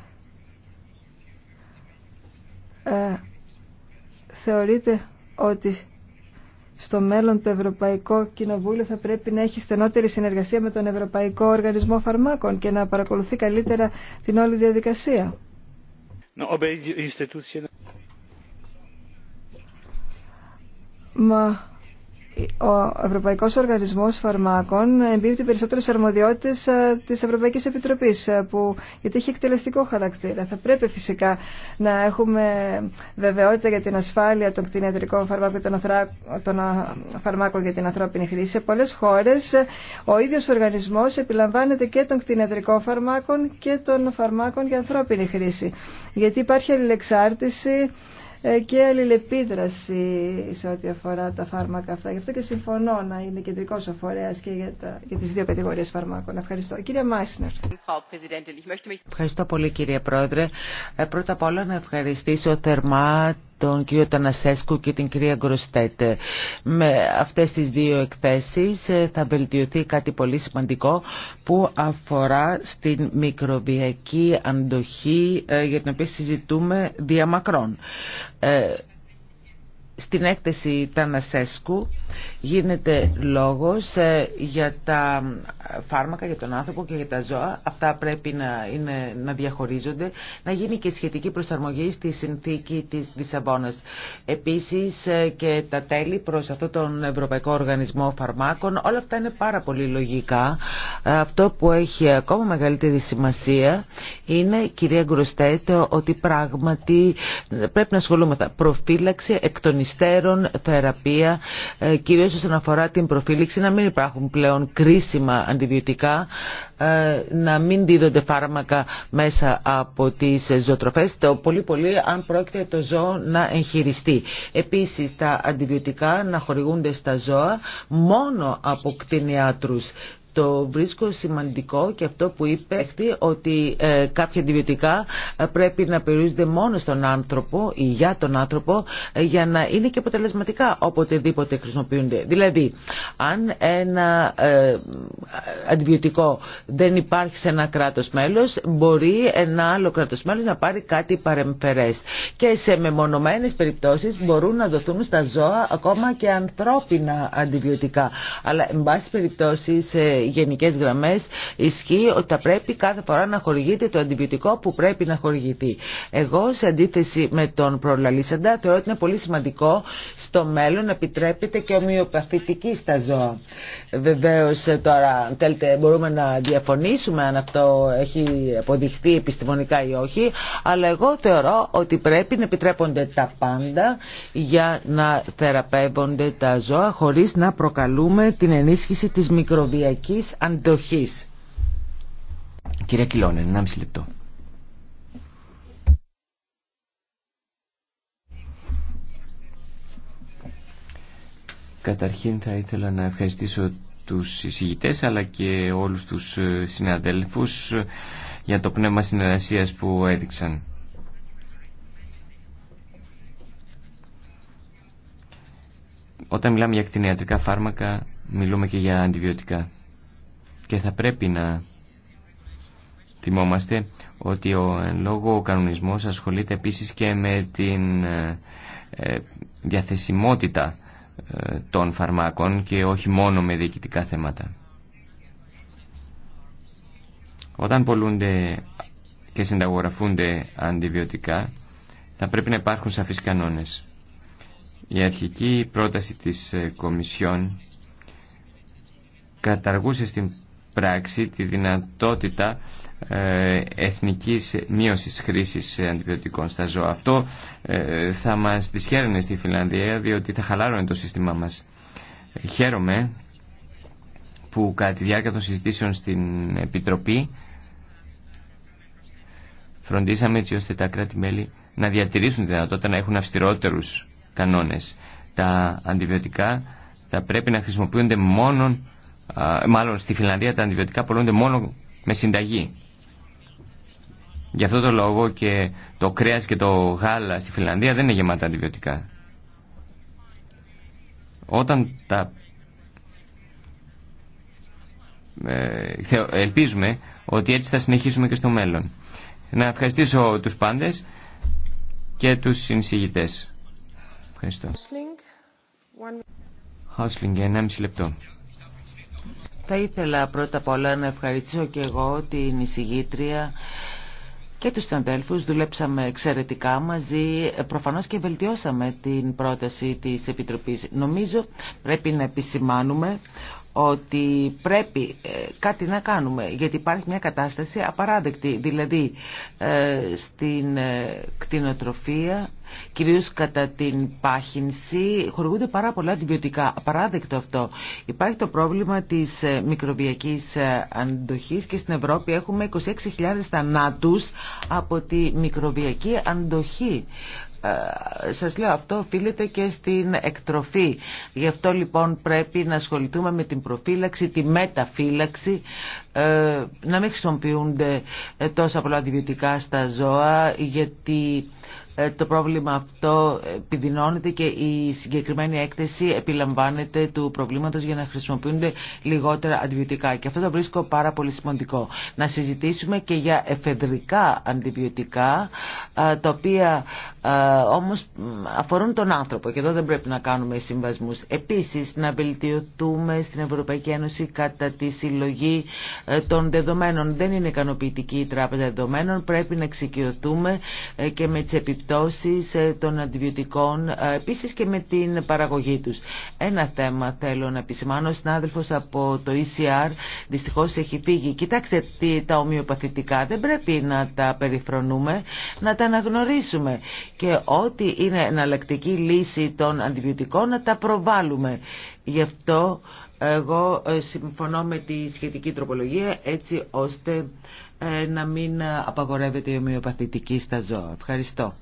Ε, θεωρείτε ότι στο μέλλον το Ευρωπαϊκό Κοινοβούλιο θα πρέπει να έχει στενότερη συνεργασία με τον Ευρωπαϊκό Οργανισμό Φαρμάκων και να παρακολουθεί καλύτερα την όλη διαδικασία. Μα ο Ευρωπαϊκός Οργανισμός Φαρμάκων εμπίπτει περισσότερες αρμοδιότητες ε, της Ευρωπαϊκής Επιτροπής ε, που, γιατί έχει εκτελεστικό χαρακτήρα. Θα πρέπει φυσικά να έχουμε βεβαιότητα για την ασφάλεια των κτηνιατρικών φαρμάκων και των, ε, φαρμάκων για την ανθρώπινη χρήση. Σε πολλές χώρες ο ίδιος οργανισμός επιλαμβάνεται και των κτηνιατρικών φαρμάκων και των φαρμάκων για ανθρώπινη χρήση. Γιατί υπάρχει αλληλεξάρτηση ε, και αλληλεπίδραση σε ό,τι αφορά τα φάρμακα αυτά. Γι' αυτό και συμφωνώ να είναι κεντρικό ο φορέα και για, τα, τις δύο κατηγορίε φαρμάκων. Ευχαριστώ. Κύριε Μάισνερ. Ευχαριστώ πολύ κύριε Πρόεδρε. Ε, πρώτα απ' όλα να ευχαριστήσω θερμά τον κύριο Τανασέσκου και την κυρία Γκροστέτ. Με αυτές τις δύο εκθέσεις ε, θα βελτιωθεί κάτι πολύ σημαντικό που αφορά στην μικροβιακή αντοχή ε, για την οποία συζητούμε διαμακρών. Ε, στην έκθεση Τανασέσκου γίνεται λόγος ε, για τα φάρμακα, για τον άνθρωπο και για τα ζώα. Αυτά πρέπει να, είναι, να διαχωρίζονται. Να γίνει και σχετική προσαρμογή στη συνθήκη της Δισαβόνας Επίσης ε, και τα τέλη προς αυτό τον Ευρωπαϊκό Οργανισμό Φαρμάκων. Όλα αυτά είναι πάρα πολύ λογικά. Αυτό που έχει ακόμα μεγαλύτερη σημασία είναι, κυρία Γκροστέτ, ότι πράγματι πρέπει να ασχολούμεθα προφύλαξη εκ των υστέρων θεραπεία ε, κυρίως όσον αφορά την προφύληξη, να μην υπάρχουν πλέον κρίσιμα αντιβιωτικά, ε, να μην δίδονται φάρμακα μέσα από τις ζωοτροφές, το πολύ πολύ αν πρόκειται το ζώο να εγχειριστεί. Επίσης τα αντιβιωτικά να χορηγούνται στα ζώα μόνο από κτηνιάτρους. Το βρίσκω σημαντικό και αυτό που είπε ότι ε, κάποια αντιβιωτικά ε, πρέπει να περιορίζονται μόνο στον άνθρωπο ή για τον άνθρωπο ε, για να είναι και αποτελεσματικά οποτεδήποτε χρησιμοποιούνται. Δηλαδή, αν ένα αντιβιωτικό δεν υπάρχει σε ένα κράτος μέλος, μπορεί ένα άλλο κράτος μέλος να πάρει κάτι παρεμφερές. Και σε μεμονωμένες περιπτώσεις μπορούν να δοθούν στα ζώα ακόμα και ανθρώπινα αντιβιωτικά. Αλλά, εν πάση περιπτώσει, γενικές γραμμές ισχύει ότι θα πρέπει κάθε φορά να χορηγείται το αντιβιωτικό που πρέπει να χορηγηθεί. Εγώ σε αντίθεση με τον προλαλήσαντα θεωρώ ότι είναι πολύ σημαντικό στο μέλλον να επιτρέπεται και ομοιοπαθητική στα ζώα. Βεβαίως τώρα θέλετε, μπορούμε να διαφωνήσουμε αν αυτό έχει αποδειχθεί επιστημονικά ή όχι, αλλά εγώ θεωρώ ότι πρέπει να επιτρέπονται τα πάντα για να θεραπεύονται τα ζώα χωρίς να προκαλούμε την ενίσχυση της μικροβιακής αντοχής. Κυρία Κιλώνεν, 1,5 λεπτό. Καταρχήν θα ήθελα να ευχαριστήσω τους εισηγητές αλλά και όλους τους ε, συναδέλφους ε, για το πνεύμα συνεργασίας που έδειξαν. Όταν μιλάμε για κτηνιατρικά φάρμακα μιλούμε και για αντιβιωτικά και θα πρέπει να θυμόμαστε ότι ο εν λόγω ο κανονισμός ασχολείται επίσης και με την ε, διαθεσιμότητα ε, των φαρμάκων και όχι μόνο με διοικητικά θέματα. Όταν πολλούνται και συνταγογραφούνται αντιβιωτικά θα πρέπει να υπάρχουν σαφείς κανόνες. Η αρχική πρόταση της ε, Κομισιόν καταργούσε στην πράξη τη δυνατότητα ε, εθνικής μείωσης χρήσης αντιβιωτικών στα ζώα. Αυτό ε, θα μας δυσχέρνε στη Φιλανδία διότι θα χαλάρωνε το σύστημά μας. Χαίρομαι που κατά τη διάρκεια των συζητήσεων στην Επιτροπή φροντίσαμε έτσι ώστε τα κράτη-μέλη να διατηρήσουν τη δυνατότητα να έχουν αυστηρότερους κανόνες. Τα αντιβιωτικά θα πρέπει να χρησιμοποιούνται μόνον μάλλον στη Φιλανδία τα αντιβιωτικά πολλούνται μόνο με συνταγή. Γι' αυτό το λόγο και το κρέας και το γάλα στη Φιλανδία δεν είναι γεμάτα αντιβιωτικά. Όταν τα... Ε, ελπίζουμε ότι έτσι θα συνεχίσουμε και στο μέλλον. Να ευχαριστήσω τους πάντες και τους συνεισηγητές. Ευχαριστώ. Χάουσλινγκ, 1,5 λεπτό. Θα ήθελα πρώτα απ' όλα να ευχαριστήσω και εγώ την εισηγήτρια και τους συναδέλφους. Δουλέψαμε εξαιρετικά μαζί. Προφανώς και βελτιώσαμε την πρόταση της Επιτροπής. Νομίζω πρέπει να επισημάνουμε ότι πρέπει ε, κάτι να κάνουμε γιατί υπάρχει μια κατάσταση απαράδεκτη δηλαδή ε, στην ε, κτηνοτροφία κυρίως κατά την πάχυνση χορηγούνται πάρα πολλά αντιβιωτικά απαράδεκτο αυτό υπάρχει το πρόβλημα της μικροβιακής αντοχής και στην Ευρώπη έχουμε 26.000 θανάτους από τη μικροβιακή αντοχή ε, σας λέω αυτό οφείλεται και στην εκτροφή. Γι' αυτό λοιπόν πρέπει να ασχοληθούμε με την προφύλαξη, τη μεταφύλαξη, ε, να μην χρησιμοποιούνται ε, τόσα πολλά αντιβιωτικά στα ζώα γιατί ε, το πρόβλημα αυτό επιδεινώνεται και η συγκεκριμένη έκθεση επιλαμβάνεται του προβλήματος για να χρησιμοποιούνται λιγότερα αντιβιωτικά. Και αυτό το βρίσκω πάρα πολύ σημαντικό. Να συζητήσουμε και για εφεδρικά αντιβιωτικά, ε, τα οποία ε, όμως αφορούν τον άνθρωπο και εδώ δεν πρέπει να κάνουμε συμβασμούς. Επίσης, να βελτιωθούμε στην Ευρωπαϊκή Ένωση κατά τη συλλογή των δεδομένων. Δεν είναι ικανοποιητική η τράπεζα δεδομένων, πρέπει να εξοικειωθούμε και με ε, των αντιβιωτικών ε, επίσης και με την παραγωγή τους. Ένα θέμα θέλω να επισημάνω. Ο συνάδελφος από το ECR δυστυχώς έχει φύγει. Κοιτάξτε τι, τα ομοιοπαθητικά δεν πρέπει να τα περιφρονούμε, να τα αναγνωρίσουμε και ό,τι είναι εναλλακτική λύση των αντιβιωτικών να τα προβάλλουμε. Γι' αυτό εγώ ε, συμφωνώ με τη σχετική τροπολογία έτσι ώστε ε, να μην απαγορεύεται η ομοιοπαθητική στα ζώα. Ευχαριστώ.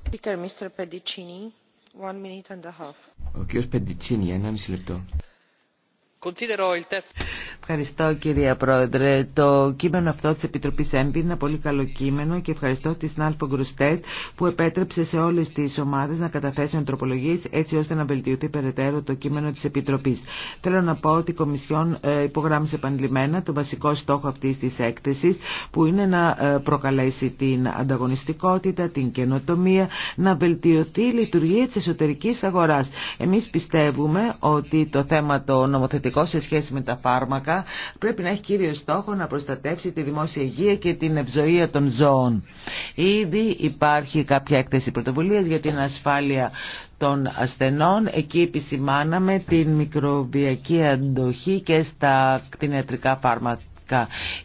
Ο κ. Πεντιτσίνη, ένα μισή λεπτό. Ευχαριστώ κυρία Πρόεδρε. Το κείμενο αυτό της Επιτροπής ΕΜΠΗ είναι ένα πολύ καλό κείμενο και ευχαριστώ τη Σνάλφο Γκρουστέτ που επέτρεψε σε όλες τις ομάδες να καταθέσουν τροπολογίες έτσι ώστε να βελτιωθεί περαιτέρω το κείμενο της Επιτροπής. Θέλω να πω ότι η Κομισιόν ε, υπογράμμισε επανειλημμένα το βασικό στόχο αυτής της έκθεσης που είναι να ε, προκαλέσει την ανταγωνιστικότητα, την καινοτομία, να βελτιωθεί η λειτουργία τη εσωτερική αγορά. Εμείς πιστεύουμε ότι το θέμα το νομοθετικό σε σχέση με τα φάρμακα πρέπει να έχει κύριο στόχο να προστατεύσει τη δημόσια υγεία και την ευζοία των ζώων. Ήδη υπάρχει κάποια έκθεση πρωτοβουλίας για την ασφάλεια των ασθενών. Εκεί επισημάναμε την μικροβιακή αντοχή και στα κτηνιατρικά φάρμακα.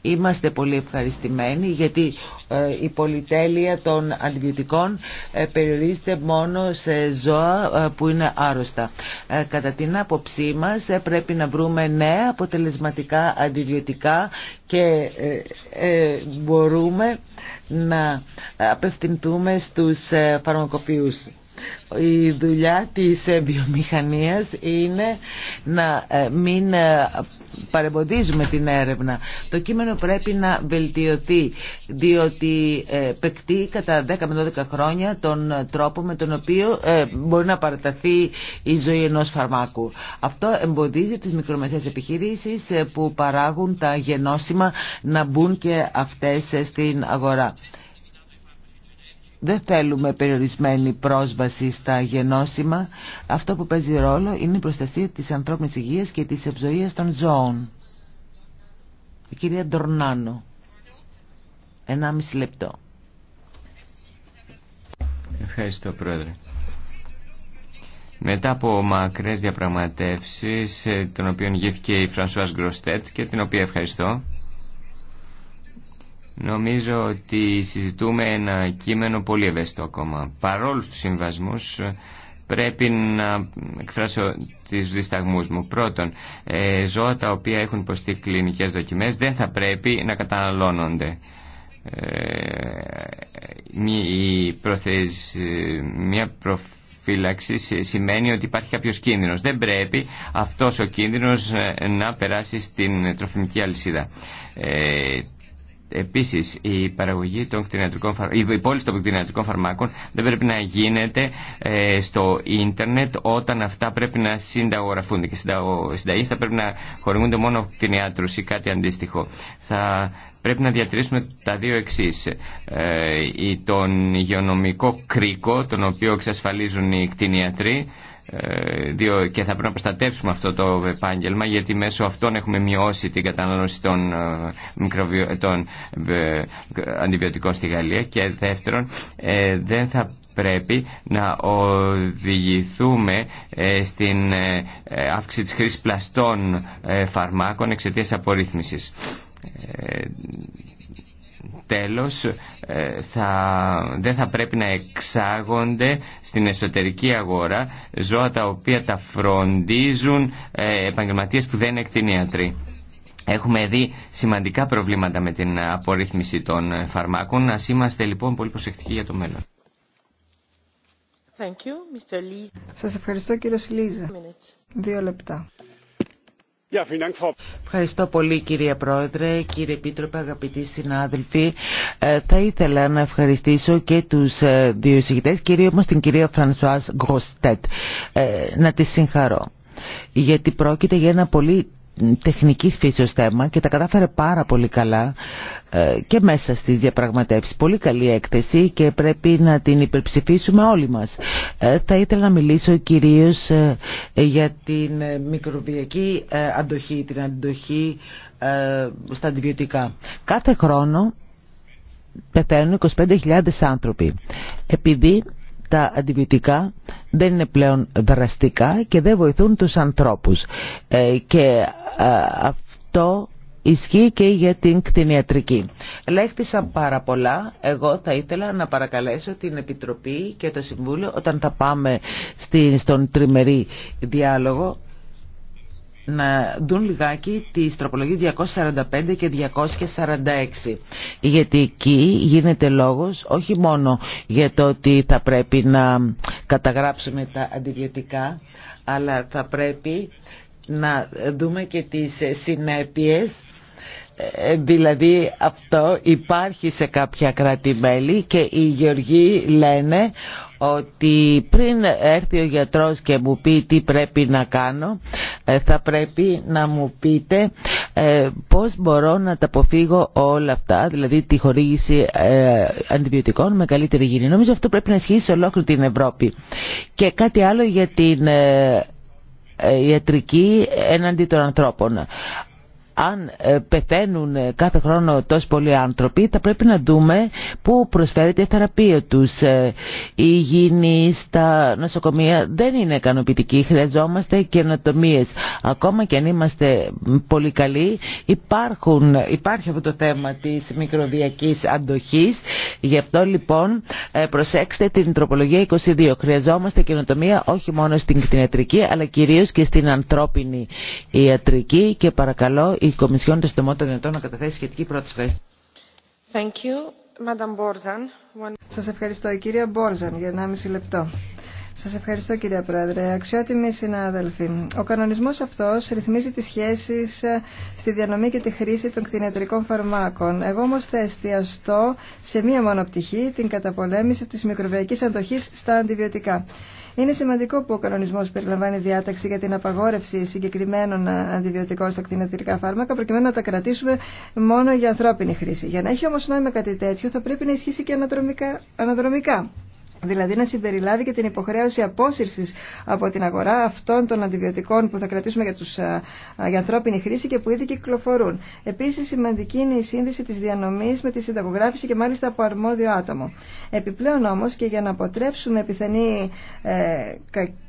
Είμαστε πολύ ευχαριστημένοι γιατί ε, η πολυτέλεια των αντιβιωτικών ε, περιορίζεται μόνο σε ζώα ε, που είναι άρρωστα. Κατά την άποψή μας πρέπει να βρούμε νέα αποτελεσματικά αντιβιωτικά και μπορούμε να απευθυντούμε στους φαρμακοποιούς. Η δουλειά της βιομηχανίας είναι να μην παρεμποδίζουμε την έρευνα. Το κείμενο πρέπει να βελτιωθεί διότι ε, πεκτεί κατά 10 με 12 χρόνια τον τρόπο με τον οποίο ε, μπορεί να παραταθεί η ζωή ενός φαρμάκου. Αυτό εμποδίζει τις μικρομεσαίες επιχειρήσεις ε, που παράγουν τα γενώσιμα να μπουν και αυτές στην αγορά. Δεν θέλουμε περιορισμένη πρόσβαση στα γενώσιμα. Αυτό που παίζει ρόλο είναι η προστασία της ανθρώπινης υγείας και της ευζοίας των ζώων. Η κυρία Ντορνάνο. Ενάμιση λεπτό. Ευχαριστώ πρόεδρε. Μετά από μακρές διαπραγματεύσεις, ε, των οποίων γύθηκε η Φρανσουάς Γκροστέτ και την οποία ευχαριστώ, Νομίζω ότι συζητούμε ένα κείμενο πολύ ευαίσθητο ακόμα. Παρόλους τους συμβασμούς πρέπει να εκφράσω τις δισταγμούς μου. Πρώτον, ε, ζώα τα οποία έχουν υποστεί κλινικές δοκιμές δεν θα πρέπει να καταναλώνονται. Ε, μια προφύλαξη σημαίνει ότι υπάρχει κάποιος κίνδυνος. Δεν πρέπει αυτός ο κίνδυνος ε, να περάσει στην τροφιμική αλυσίδα. Επίσης, η παραγωγή των κτηνιατρικών η υπόλοιψη των κτηνιατρικών φαρμάκων δεν πρέπει να γίνεται ε, στο ίντερνετ όταν αυτά πρέπει να συνταγογραφούνται και συνταγή θα πρέπει να χορηγούνται μόνο κτηνιάτρους ή κάτι αντίστοιχο. Θα πρέπει να διατηρήσουμε τα δύο εξή. Ε, τον υγειονομικό κρίκο, τον οποίο εξασφαλίζουν οι κτηνιατροί, ε, και θα πρέπει να προστατεύσουμε αυτό το επάγγελμα γιατί μέσω αυτών έχουμε μειώσει την κατανάλωση των, ε, των ε, αντιβιωτικών στη Γαλλία και δεύτερον δεν θα πρέπει να οδηγηθούμε στην αύξηση της χρήσης πλαστών φαρμάκων εξαιτίας απορρίθμισης. Τέλος, ε, θα, δεν θα πρέπει να εξάγονται στην εσωτερική αγορά ζώα τα οποία τα φροντίζουν ε, επαγγελματίες που δεν είναι εκτινίατροι. Έχουμε δει σημαντικά προβλήματα με την απορρίθμιση των φαρμάκων. Ας είμαστε λοιπόν πολύ προσεκτικοί για το μέλλον. Σα Σας ευχαριστώ κύριο Σιλίζα. Δύο λεπτά. Ευχαριστώ πολύ κύριε Πρόεδρε, κύριε Επίτροπε, αγαπητοί συνάδελφοι. Ε, θα ήθελα να ευχαριστήσω και τους ε, δύο συγητές, κυρίως όμως την κυρία Φρανσουάς Γκοστέτ. Ε, να τη συγχαρώ γιατί πρόκειται για ένα πολύ τεχνικής φύσεως θέμα και τα κατάφερε πάρα πολύ καλά ε, και μέσα στις διαπραγματεύσεις. Πολύ καλή έκθεση και πρέπει να την υπερψηφίσουμε όλοι μας. Ε, θα ήθελα να μιλήσω κυρίως ε, για την μικροβιακή αντοχή, την αντοχή στα αντιβιωτικά. Κάθε χρόνο πεθαίνουν 25.000 άνθρωποι επειδή τα αντιβιωτικά δεν είναι πλέον δραστικά και δεν βοηθούν τους ανθρώπους. Ε, και ε, αυτό ισχύει και για την κτηνιατρική. Ελέγχθησαν πάρα πολλά. Εγώ θα ήθελα να παρακαλέσω την Επιτροπή και το Συμβούλιο όταν θα πάμε στον τριμερή διάλογο να δουν λιγάκι τις τροπολογίες 245 και 246 γιατί εκεί γίνεται λόγος όχι μόνο για το ότι θα πρέπει να καταγράψουμε τα αντιβιωτικά αλλά θα πρέπει να δούμε και τις συνέπειες ε, δηλαδή αυτό υπάρχει σε κάποια κράτη-μέλη και οι γεωργοί λένε ότι πριν έρθει ο γιατρός και μου πει τι πρέπει να κάνω ε, θα πρέπει να μου πείτε ε, πώς μπορώ να τα αποφύγω όλα αυτά δηλαδή τη χορήγηση ε, αντιβιωτικών με καλύτερη υγιεινή. Νομίζω αυτό πρέπει να ισχύσει σε ολόκληρη την Ευρώπη. Και κάτι άλλο για την ιατρική έναντι των ανθρώπων αν ε, πεθαίνουν ε, κάθε χρόνο τόσοι πολλοί άνθρωποι θα πρέπει να δούμε πού προσφέρεται η θεραπεία τους. Ε, η υγιεινή στα νοσοκομεία δεν είναι ικανοποιητική. Χρειαζόμαστε καινοτομίε. Ακόμα και αν είμαστε πολύ καλοί υπάρχουν, υπάρχει αυτό το θέμα της μικροβιακής αντοχής. Γι' αυτό λοιπόν προσέξτε την τροπολογία 22. Χρειαζόμαστε καινοτομία όχι μόνο στην κτηνιατρική αλλά κυρίως και στην ανθρώπινη ιατρική και παρακαλώ η Κομισιόν το συντομότερο δυνατόν να καταθέσει σχετική πρόταση. Ευχαριστώ. Σας ευχαριστώ κυρία Μπόρζαν για 1,5 λεπτό. Σας ευχαριστώ κυρία Πρόεδρε. Αξιότιμοι συνάδελφοι, ο κανονισμός αυτός ρυθμίζει τις σχέσεις ε, στη διανομή και τη χρήση των κτηνιατρικών φαρμάκων. Εγώ όμως θα εστιαστώ σε μία μονοπτυχή, την καταπολέμηση της μικροβιακής αντοχής στα αντιβιωτικά. Είναι σημαντικό που ο κανονισμό περιλαμβάνει διάταξη για την απαγόρευση συγκεκριμένων ε, αντιβιωτικών στα κτηνιατρικά φάρμακα, προκειμένου να τα κρατήσουμε μόνο για ανθρώπινη χρήση. Για να έχει όμω νόημα κάτι τέτοιο, θα πρέπει να ισχύσει και αναδρομικά. Δηλαδή να συμπεριλάβει και την υποχρέωση απόσυρσης από την αγορά αυτών των αντιβιωτικών που θα κρατήσουμε για, τους, για ανθρώπινη χρήση και που ήδη κυκλοφορούν. Επίσης σημαντική είναι η σύνδεση της διανομής με τη συνταγογράφηση και μάλιστα από αρμόδιο άτομο. Επιπλέον όμως και για να αποτρέψουμε επιθενή ε,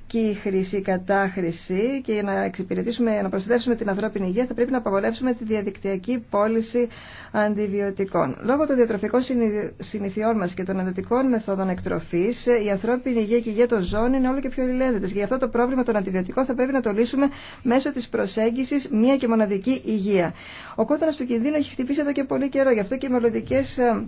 κακή χρήση ή κατάχρηση και για να εξυπηρετήσουμε, να προστατεύσουμε την ανθρώπινη υγεία θα πρέπει να απαγορεύσουμε τη διαδικτυακή πώληση αντιβιωτικών. Λόγω των διατροφικών συνηθιών μας και των εντατικών μεθόδων εκτροφής, η ανθρώπινη υγεία και η υγεία των ζώων είναι όλο και πιο λιλένδετες. Γι' αυτό το πρόβλημα των αντιβιωτικών θα πρέπει να το λύσουμε μέσω τη προσέγγιση μία και μοναδική υγεία. Ο κόδωνας του κινδύνου έχει χτυπήσει εδώ και πολύ καιρό, γι' αυτό και οι μελλοντικέ ε,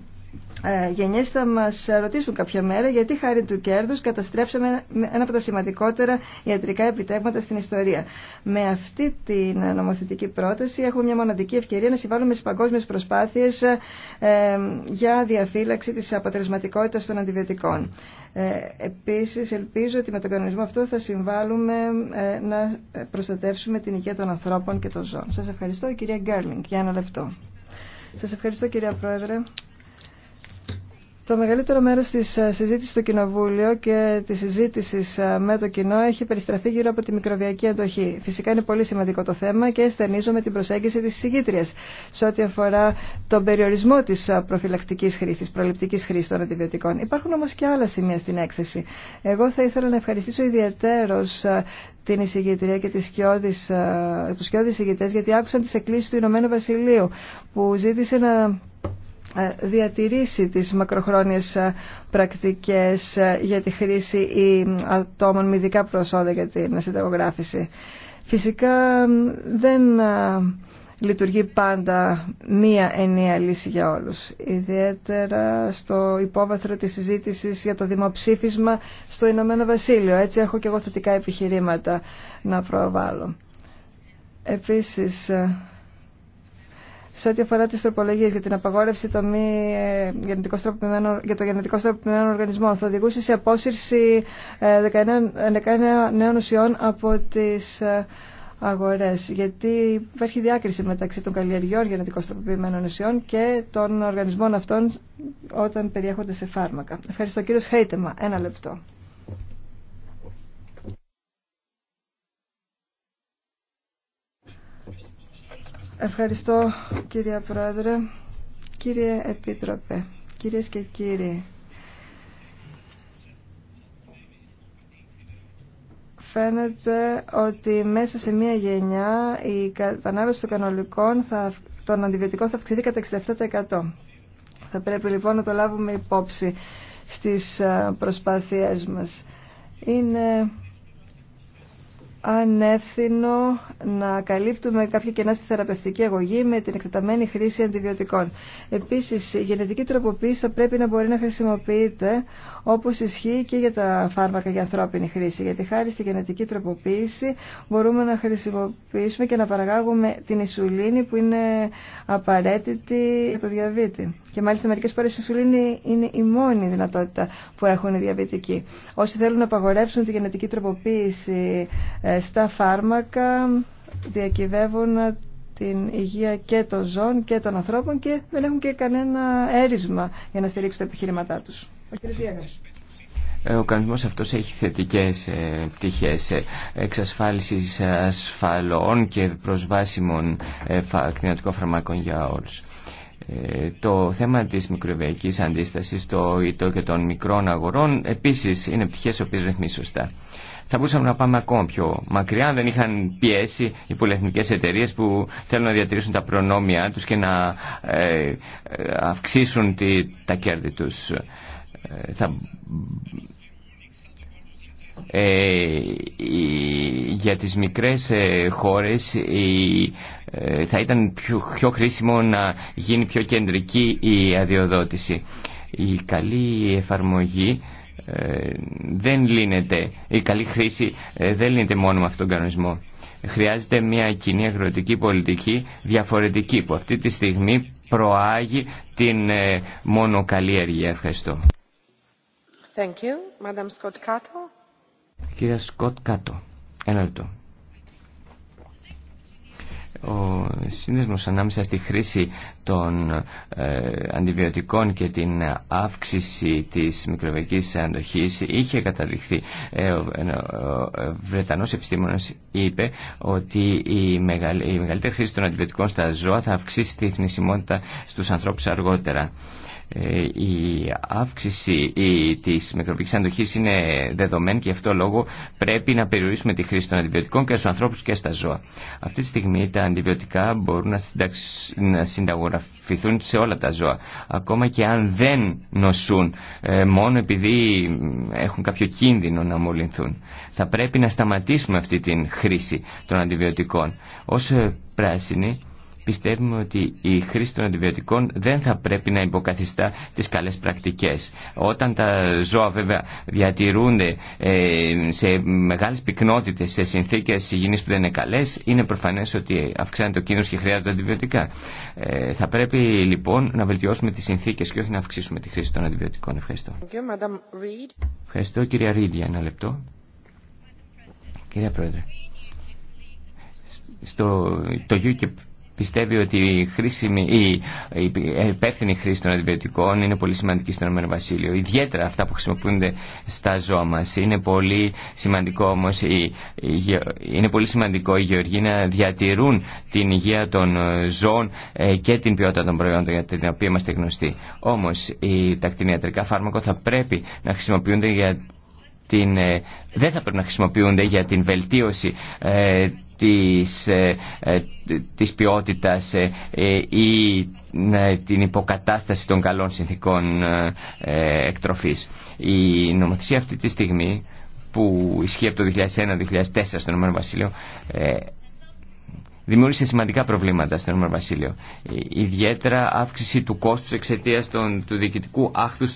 ε, γενιές θα μας ρωτήσουν κάποια μέρα γιατί χάρη του κέρδους καταστρέψαμε ένα από τα σημαντικότερα ιατρικά επιτεύγματα στην ιστορία. Με αυτή την νομοθετική πρόταση έχουμε μια μοναδική ευκαιρία να συμβάλλουμε στις παγκόσμιες προσπάθειες ε, για διαφύλαξη της αποτελεσματικότητας των αντιβιωτικών. Ε, επίσης ελπίζω ότι με τον κανονισμό αυτό θα συμβάλλουμε να προστατεύσουμε την υγεία των ανθρώπων και των ζώων. Σας ευχαριστώ κυρία Γκέρλινγκ για ένα λεπτό. Σας ευχαριστώ κυρία Πρόεδρε. Το μεγαλύτερο μέρος της ε, συζήτησης στο Κοινοβούλιο και τη συζήτηση ε, με το κοινό έχει περιστραφεί γύρω από τη μικροβιακή αντοχή. Φυσικά είναι πολύ σημαντικό το θέμα και στενίζομαι την προσέγγιση της συγκήτριας σε ό,τι αφορά τον περιορισμό της ε, προφυλακτικής χρήσης, τη προληπτικής χρήσης των αντιβιωτικών. Υπάρχουν όμως και άλλα σημεία στην έκθεση. Εγώ θα ήθελα να ευχαριστήσω ιδιαίτερος την εισηγητρία και του σκιώδη τους γιατί άκουσαν τις εκκλήσεις του Ηνωμένου Βασιλείου που ζήτησε να ε, διατηρήσει τις μακροχρόνιες ε, πρακτικές ε, για τη χρήση ή ατόμων με ειδικά προσόδια για την συνταγογράφηση. Φυσικά δεν λειτουργεί πάντα μία ενιαία λύση για όλους. Ιδιαίτερα στο υπόβαθρο της συζήτησης για το δημοψήφισμα στο Ηνωμένο Βασίλειο. Έτσι έχω και εγώ θετικά επιχειρήματα να προβάλλω. Επίσης, σε ό,τι αφορά τι τροπολογίε για την απαγόρευση των μη ε, για το γενετικό στροποποιημένο οργανισμό θα οδηγούσε σε απόσυρση 19 ε, νέων ουσιών από τις ε, αγορές γιατί υπάρχει διάκριση μεταξύ των καλλιεργιών γενετικό τροποποιημένων ουσιών και των οργανισμών αυτών όταν περιέχονται σε φάρμακα. Ευχαριστώ Κύριο Χέιτεμα. Ένα λεπτό. Ευχαριστώ κύριε Πρόεδρε, κύριε Επίτροπε, κυρίες και κύριοι. Φαίνεται ότι μέσα σε μία γενιά η κατανάλωση των κανολικών θα, των αντιβιωτικών θα αυξηθεί κατά 67%. Θα πρέπει λοιπόν να το λάβουμε υπόψη στις ε, προσπάθειές μας. Είναι ανεύθυνο να καλύπτουμε κάποια κενά στη θεραπευτική αγωγή με την εκτεταμένη χρήση αντιβιωτικών. Επίσης, η γενετική τροποποίηση θα πρέπει να μπορεί να χρησιμοποιείται όπως ισχύει και για τα φάρμακα για ανθρώπινη χρήση. Γιατί χάρη στη γενετική τροποποίηση μπορούμε να χρησιμοποιήσουμε και να παραγάγουμε την ισουλίνη που είναι απαραίτητη για το διαβήτη. Και μάλιστα μερικές φορές η Σουλήνη είναι η μόνη δυνατότητα που έχουν οι διαβητικοί. Όσοι θέλουν να απαγορεύσουν τη γενετική τροποποίηση ε, στα φάρμακα διακυβεύουν την υγεία και των ζώων και των ανθρώπων και δεν έχουν και κανένα έρισμα για να στηρίξουν τα επιχειρηματά τους. Ο κανονισμός ε, αυτός έχει θετικές ε, πτυχές εξασφάλιση ασφαλών και προσβάσιμων κτηνιατικών φαρμάκων για όλους. Ε, το θέμα της μικροβιακής αντίστασης, το ΙΤΟ και των μικρών αγορών επίσης είναι πτυχές οι οποίες ρυθμίζουν σωστά. Θα μπορούσαμε να πάμε ακόμα πιο μακριά αν δεν είχαν πιέσει οι πολυεθνικές εταιρείες που θέλουν να διατηρήσουν τα προνόμια τους και να ε, ε, αυξήσουν τα κέρδη τους. Ε, για τις μικρές ε, χώρες ε, θα ήταν πιο χρήσιμο να γίνει πιο κεντρική η αδειοδότηση. Η καλή εφαρμογή δεν λύνεται, η καλή χρήση δεν λύνεται μόνο με αυτόν τον κανονισμό. Χρειάζεται μια κοινή αγροτική πολιτική διαφορετική που αυτή τη στιγμή προάγει την μονοκαλλιέργεια. Ευχαριστώ. Thank you. Madam Scott Κυρία Σκοτ Κάτω. Ένα λεπτό. Ο σύνδεσμος ανάμεσα στη χρήση των ε, αντιβιωτικών και την αύξηση της μικροβιακής αντοχής είχε καταδειχθεί. Ε, ο, ε, ο Βρετανός επιστήμονας είπε ότι η, η μεγαλύτερη χρήση των αντιβιωτικών στα ζώα θα αυξήσει τη θνησιμότητα στους ανθρώπους αργότερα. Ε, η αύξηση της μικροβικής αντοχής είναι δεδομένη και γι' αυτό λόγο πρέπει να περιορίσουμε τη χρήση των αντιβιωτικών και στους ανθρώπους και στα ζώα. Αυτή τη στιγμή τα αντιβιωτικά μπορούν να, συνταγοραφηθούν να συνταγογραφηθούν σε όλα τα ζώα, ακόμα και αν δεν νοσούν, ε, μόνο επειδή έχουν κάποιο κίνδυνο να μολυνθούν. Θα πρέπει να σταματήσουμε αυτή τη χρήση των αντιβιωτικών. Ως ε, πράσινοι Πιστεύουμε ότι η χρήση των αντιβιωτικών δεν θα πρέπει να υποκαθιστά τις καλές πρακτικές. Όταν τα ζώα βέβαια διατηρούνται ε, σε μεγάλες πυκνότητες, σε συνθήκες υγιεινής που δεν είναι καλές, είναι προφανές ότι αυξάνεται ο κίνδυνος και χρειάζονται αντιβιωτικά. Ε, θα πρέπει λοιπόν να βελτιώσουμε τις συνθήκες και όχι να αυξήσουμε τη χρήση των αντιβιωτικών. Ευχαριστώ. Ευχαριστώ κυρία Ρίδη για ένα λεπτό. Κυρία Πρόεδρε, στο, το UKIP πιστεύει ότι η, χρήσιμη, η, η υπεύθυνη χρήση των αντιβιωτικών είναι πολύ σημαντική στον Ηνωμένο Βασίλειο. Ιδιαίτερα αυτά που χρησιμοποιούνται στα ζώα μα. Είναι πολύ σημαντικό όμω η, είναι πολύ οι γεωργοί να διατηρούν την υγεία των ε, ζώων ε, και την ποιότητα των προϊόντων για την οποία είμαστε γνωστοί. Όμω τα κτηνιατρικά φάρμακα θα πρέπει να χρησιμοποιούνται για την, ε, δεν θα πρέπει να χρησιμοποιούνται για την βελτίωση της, ε, ε, της ποιότητας ε, ή ναι, την υποκατάσταση των καλών συνθήκων εκτροφής. Η νομοθεσία αυτή τη στιγμή που ισχύει από το 2001-2004 στο Ηνωμένο Βασίλειο δημιούργησε σημαντικά προβλήματα στο Ηνωμένο Βασίλειο. Ιδιαίτερα αύξηση του κόστους εξαιτία του διοικητικού άχθους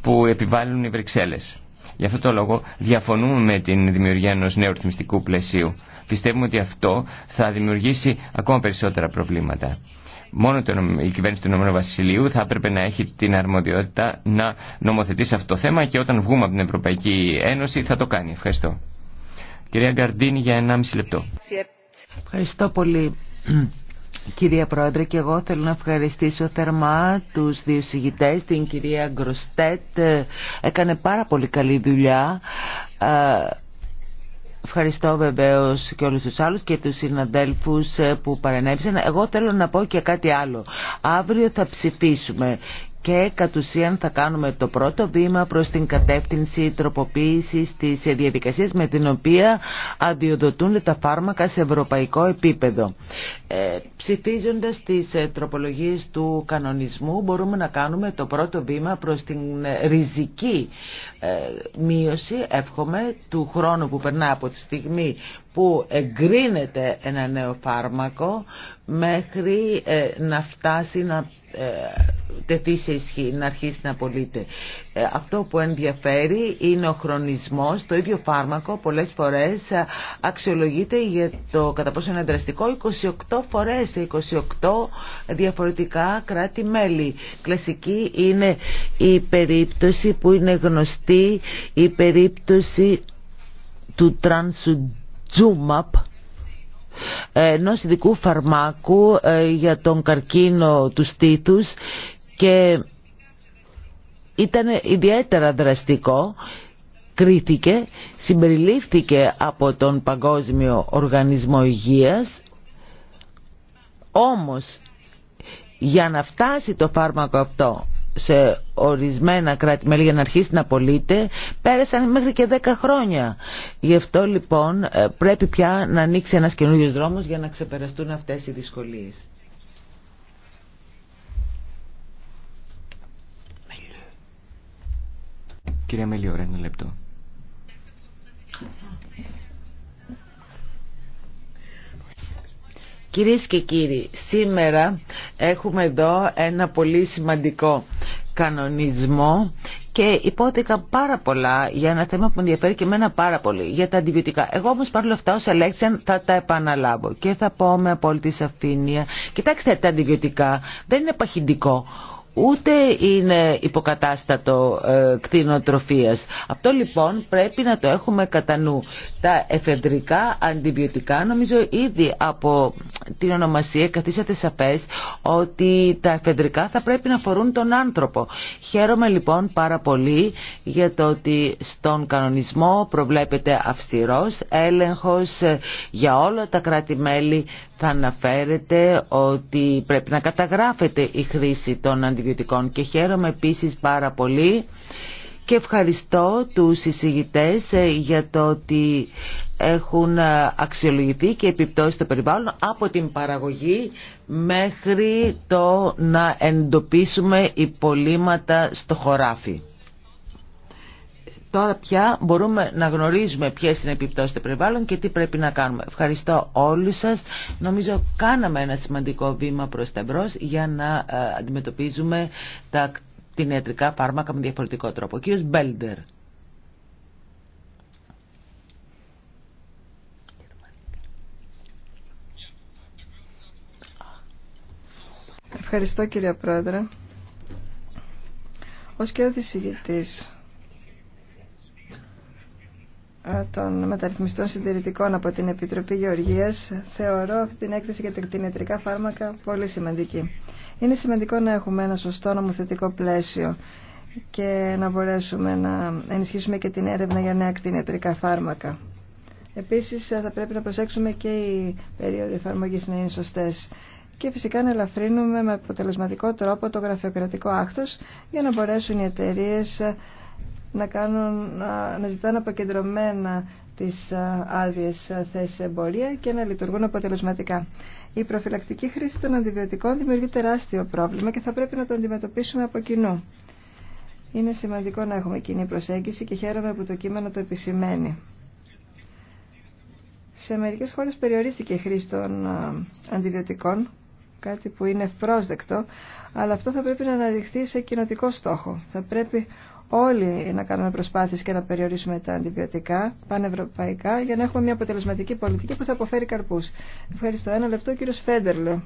που επιβάλλουν οι Βρυξέλλες. Γι' αυτό το λόγο διαφωνούμε με την δημιουργία ενός νέου ρυθμιστικού πλαισίου Πιστεύουμε ότι αυτό θα δημιουργήσει ακόμα περισσότερα προβλήματα. Μόνο η κυβέρνηση του Ηνωμένου Βασιλείου θα έπρεπε να έχει την αρμοδιότητα να νομοθετήσει αυτό το θέμα και όταν βγούμε από την Ευρωπαϊκή Ένωση θα το κάνει. Ευχαριστώ. Κυρία Γκαρντίνη για 1,5 λεπτό. Ευχαριστώ πολύ. Κυρία Πρόεδρε και εγώ θέλω να ευχαριστήσω θερμά τους δύο συγητές, την κυρία Γκροστέτ έκανε πάρα πολύ καλή δουλειά ε, Ευχαριστώ βεβαίω και όλου του άλλου και του συναντέλφου ε, που παρένεψαν. Εγώ θέλω να πω και κάτι άλλο. Αύριο θα ψηφίσουμε και κατ' ουσίαν θα κάνουμε το πρώτο βήμα προς την κατεύθυνση τροποποίησης της διαδικασίας με την οποία αντιοδοτούν τα φάρμακα σε ευρωπαϊκό επίπεδο. Ε, ψηφίζοντας τις ε, τροπολογίες του κανονισμού μπορούμε να κάνουμε το πρώτο βήμα προς την ε, ριζική ε, μείωση, εύχομαι, του χρόνου που περνά από τη στιγμή που εγκρίνεται ένα νέο φάρμακο μέχρι ε, να φτάσει να ε, τεθεί σε ισχύ, να αρχίσει να Ε, Αυτό που ενδιαφέρει είναι ο χρονισμός. Το ίδιο φάρμακο πολλές φορές ε, αξιολογείται για το κατά πόσο είναι δραστικό 28 φορές σε 28 διαφορετικά κράτη-μέλη. Κλασική είναι η περίπτωση που είναι γνωστή η περίπτωση του τρανσουδίου Zumap ενό ειδικού φαρμάκου ε, για τον καρκίνο του στήθους και ήταν ιδιαίτερα δραστικό κρίθηκε, συμπεριλήφθηκε από τον Παγκόσμιο Οργανισμό Υγείας όμως για να φτάσει το φάρμακο αυτό σε ορισμένα κράτη-μέλη για να αρχίσει να πωλείται. πέρασαν μέχρι και 10 χρόνια. Γι' αυτό λοιπόν ε, πρέπει πια να ανοίξει ένας καινούριος δρόμος για να ξεπεραστούν αυτές οι δυσκολίες. Κυρία Μελιόρα, ένα λεπτό. Κυρίες και κύριοι, σήμερα έχουμε εδώ ένα πολύ σημαντικό κανονισμό και υπόθηκα πάρα πολλά για ένα θέμα που με ενδιαφέρει και εμένα πάρα πολύ, για τα αντιβιωτικά. Εγώ όμω όλα αυτά όσα θα τα επαναλάβω και θα πω με απόλυτη σαφήνεια. Κοιτάξτε, τα αντιβιωτικά δεν είναι παχυντικό ούτε είναι υποκατάστατο κτίνο ε, κτηνοτροφίας Αυτό λοιπόν πρέπει να το έχουμε κατά νου. Τα εφεδρικά αντιβιωτικά νομίζω ήδη από την ονομασία καθίσατε σαφές ότι τα εφεδρικά θα πρέπει να φορούν τον άνθρωπο. Χαίρομαι λοιπόν πάρα πολύ για το ότι στον κανονισμό προβλέπεται αυστηρός έλεγχος ε, για όλα τα κράτη-μέλη θα αναφέρετε ότι πρέπει να καταγράφεται η χρήση των αντιβιωτικών και χαίρομαι επίσης πάρα πολύ και ευχαριστώ τους εισηγητές ε, για το ότι έχουν ε, αξιολογηθεί και επιπτώσει στο περιβάλλον από την παραγωγή μέχρι το να εντοπίσουμε υπολείμματα στο χωράφι τώρα πια μπορούμε να γνωρίζουμε ποιε είναι οι επιπτώσεις του περιβάλλον και τι πρέπει να κάνουμε. Ευχαριστώ όλους σας. Νομίζω κάναμε ένα σημαντικό βήμα προς τα μπρος για να ε, αντιμετωπίζουμε τα την ιατρικά φάρμακα με διαφορετικό τρόπο. Ο κύριος Μπέλντερ. Ευχαριστώ κύριε Πρόεδρε. Ως και ο των μεταρρυθμιστών συντηρητικών από την Επιτροπή Γεωργίας θεωρώ αυτή την έκθεση για τα κτηνιατρικά φάρμακα πολύ σημαντική. Είναι σημαντικό να έχουμε ένα σωστό νομοθετικό πλαίσιο και να μπορέσουμε να ενισχύσουμε και την έρευνα για νέα κτηνιατρικά φάρμακα. Επίσης θα πρέπει να προσέξουμε και οι περίοδοι εφαρμογής να είναι σωστές και φυσικά να ελαφρύνουμε με αποτελεσματικό τρόπο το γραφειοκρατικό άκτο για να μπορέσουν οι εταιρείε να, κάνουν, να, να ζητάνε αποκεντρωμένα τις άδειε θέσεις εμπορία και να λειτουργούν αποτελεσματικά. Η προφυλακτική χρήση των αντιβιωτικών δημιουργεί τεράστιο πρόβλημα και θα πρέπει να το αντιμετωπίσουμε από κοινού. Είναι σημαντικό να έχουμε κοινή προσέγγιση και χαίρομαι που το κείμενο το επισημαίνει. Σε μερικές χώρες περιορίστηκε η χρήση των αντιβιωτικών, κάτι που είναι ευπρόσδεκτο, αλλά αυτό θα πρέπει να αναδειχθεί σε κοινοτικό στόχο. Θα πρέπει όλοι να κάνουμε προσπάθειες και να περιορίσουμε τα αντιβιωτικά πανευρωπαϊκά για να έχουμε μια αποτελεσματική πολιτική που θα αποφέρει καρπούς. Ευχαριστώ. Ένα λεπτό κύριο Φέντερλο.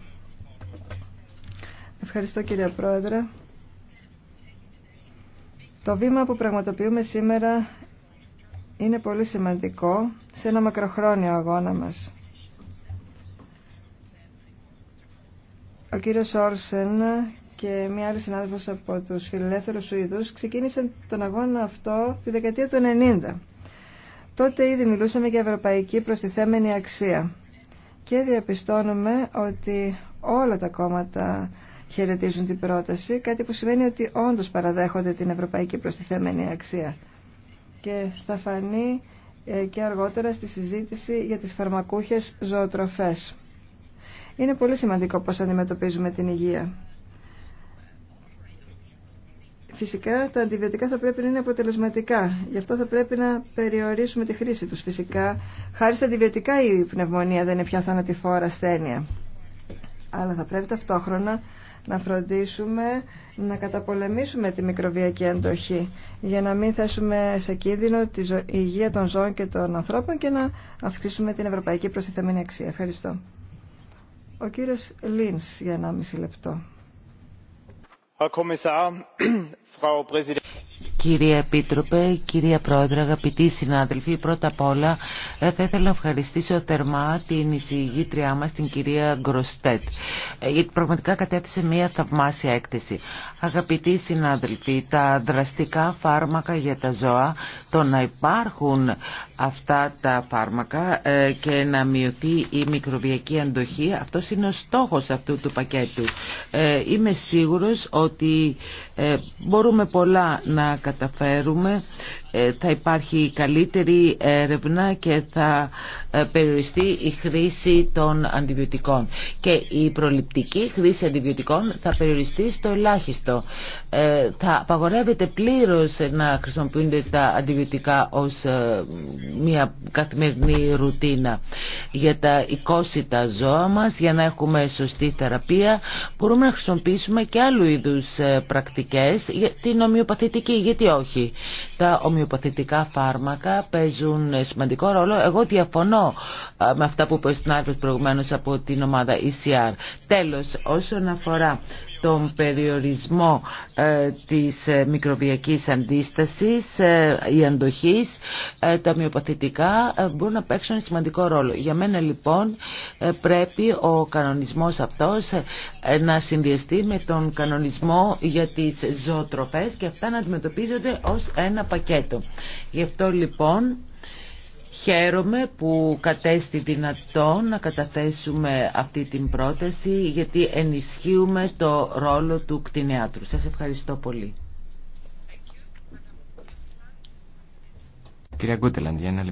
Ευχαριστώ κύριε Πρόεδρε. Το βήμα που πραγματοποιούμε σήμερα είναι πολύ σημαντικό σε ένα μακροχρόνιο αγώνα μας. Ο κύριος Όρσεν και μία άλλη συνάδελφος από τους φιλελεύθερους Σουηδου ξεκίνησε τον αγώνα αυτό τη δεκαετία του 90. Τότε ήδη μιλούσαμε για ευρωπαϊκή προστιθέμενη αξία και διαπιστώνουμε ότι όλα τα κόμματα χαιρετίζουν την πρόταση, κάτι που σημαίνει ότι όντως παραδέχονται την ευρωπαϊκή προστιθέμενη αξία. Και θα φανεί ε, και αργότερα στη συζήτηση για τις φαρμακούχες ζωοτροφές. Είναι πολύ σημαντικό πώς αντιμετωπίζουμε την υγεία. Φυσικά τα αντιβιωτικά θα πρέπει να είναι αποτελεσματικά. Γι' αυτό θα πρέπει να περιορίσουμε τη χρήση τους. Φυσικά, χάρη στα αντιβιωτικά η πνευμονία δεν είναι πια θανατηφόρα ασθένεια. Αλλά θα πρέπει ταυτόχρονα να φροντίσουμε να καταπολεμήσουμε τη μικροβιακή αντοχή για να μην θέσουμε σε κίνδυνο τη υγεία των ζώων και των ανθρώπων και να αυξήσουμε την ευρωπαϊκή προστιθεμένη αξία. Ευχαριστώ. Ο κύριος Λίνς για 1,5 λεπτό herr kommissar frau präsidentin! Κύριε Επίτροπε, κυρία Πρόεδρε, αγαπητοί συνάδελφοι, πρώτα απ' όλα ε, θα ήθελα να ευχαριστήσω θερμά την εισηγήτριά μας, την κυρία Γκροστέτ, ε, γιατί πραγματικά κατέθεσε μια θαυμάσια έκθεση. Αγαπητοί συνάδελφοι, τα δραστικά φάρμακα για τα ζώα, το να υπάρχουν αυτά τα φάρμακα ε, και να μειωθεί η μικροβιακή αντοχή, αυτός είναι ο στόχος αυτού του πακέτου. Είμαι σίγουρος ότι ε, μπορούμε πολλά να καταφέρουμε ε, θα υπάρχει καλύτερη έρευνα και θα ε, περιοριστεί η χρήση των αντιβιωτικών. Και η προληπτική χρήση αντιβιωτικών θα περιοριστεί στο ελάχιστο. Ε, θα απαγορεύεται πλήρως να χρησιμοποιούνται τα αντιβιωτικά ως μια καθημερινή ρουτίνα για τα οικόσιτα ζώα μας, για να έχουμε σωστή θεραπεία. Μπορούμε να χρησιμοποιήσουμε και άλλου είδους πρακτικές, την ομοιοπαθητική, γιατί όχι. Τα υποθετικά φάρμακα παίζουν σημαντικό ρόλο. Εγώ διαφωνώ με αυτά που είπε ο συνάδελφος προηγουμένως από την ομάδα ECR. Τέλος, όσον αφορά τον περιορισμό ε, της ε, μικροβιακής αντίστασης, ε, η αντοχής, τα μειοπαθητικά μπορούν να παίξουν σημαντικό ρόλο. Για μένα λοιπόν πρέπει ο κανονισμός αυτός να συνδυαστεί με τον κανονισμό για τις ζωοτροφές και αυτά να αντιμετωπίζονται ως ένα πακέτο. Γι' αυτό λοιπόν Χαίρομαι που κατέστη δυνατό να καταθέσουμε αυτή την πρόταση γιατί ενισχύουμε το ρόλο του κτηνέατρου. Σας ευχαριστώ πολύ. Κυρία Γκούτελαντ, ένα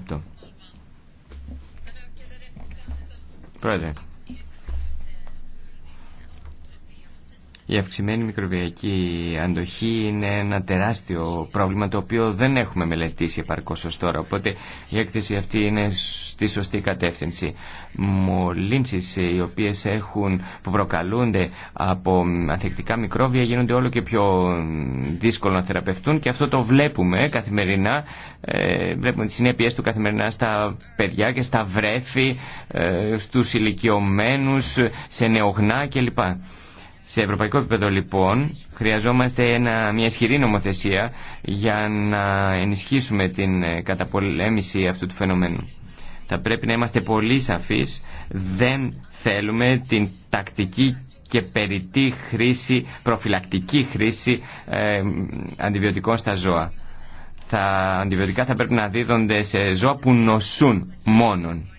Η αυξημένη μικροβιακή αντοχή είναι ένα τεράστιο πρόβλημα το οποίο δεν έχουμε μελετήσει επαρκώ ω τώρα. Οπότε η έκθεση αυτή είναι στη σωστή κατεύθυνση. Μολύνσει οι οποίε έχουν, που προκαλούνται από ανθεκτικά μικρόβια γίνονται όλο και πιο δύσκολο να θεραπευτούν και αυτό το βλέπουμε καθημερινά. Ε, βλέπουμε τι συνέπειε του καθημερινά στα παιδιά και στα βρέφη, ε, στους ηλικιωμένους, σε νεογνά κλπ. Σε ευρωπαϊκό επίπεδο λοιπόν χρειαζόμαστε ένα, μια ισχυρή νομοθεσία για να ενισχύσουμε την ε, καταπολέμηση αυτού του φαινομένου. Θα πρέπει να είμαστε πολύ σαφείς, δεν θέλουμε την τακτική και περιττή χρήση, προφυλακτική χρήση ε, αντιβιωτικών στα ζώα. Τα αντιβιωτικά θα πρέπει να δίδονται σε ζώα που νοσούν μόνον.